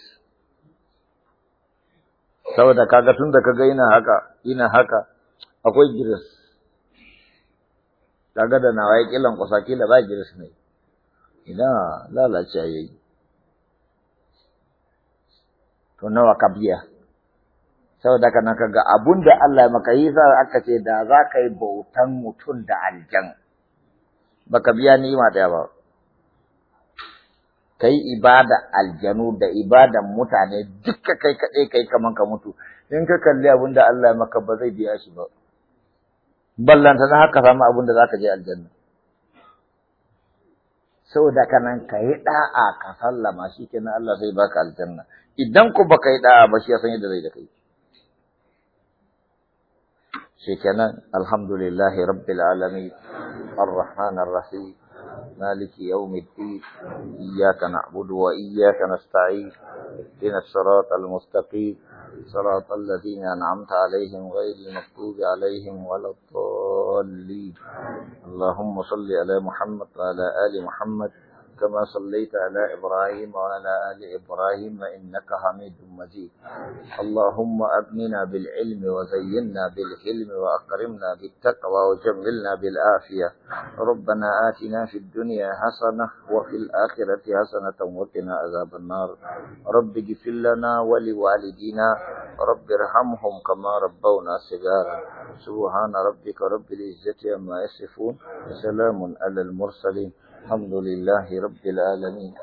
saboda kaga tun da kaga ina haka ina haka akwai giris kaga da nawa ya kilan kusa kila ba giris ne ina lalace yayi to nawa ka biya saboda haka nan ga abun da Allah ya maka yi sa aka ce da za ka yi bautan mutum da aljan baka biya ni'ima ɗaya ba kai ibada aljanu da ibadan mutane duka kai kaɗai kai kaman ka mutu in ka kalli abun da Allah ya maka ba zai biya shi ba ballanta na haka samu abun da za ka je aljanna saboda haka ka yi ɗa'a ka sallama shi kenan Allah zai baka aljanna idan ku baka yi ɗa'a ba shi ya san yadda zai da kai شكنا الحمد لله رب العالمين الرحمن الرحيم مالك يوم الدين إياك نعبد وإياك نستعين اهدنا الصراط المستقيم صراط الذين أنعمت عليهم غير المغضوب عليهم ولا الضالين اللهم صل على محمد وعلى آل محمد كما صليت على إبراهيم وعلى آل إبراهيم إنك حميد مجيد اللهم أبننا بالعلم وزينا بالحلم وأكرمنا بالتقوى وجملنا بالعافية ربنا آتنا في الدنيا حسنة وفي الآخرة حسنة وقنا عذاب النار رب اغفر لنا ولوالدينا رب ارحمهم كما ربونا صغارا سبحان ربك رب العزة عما يصفون وسلام على المرسلين الحمد لله رب العالمين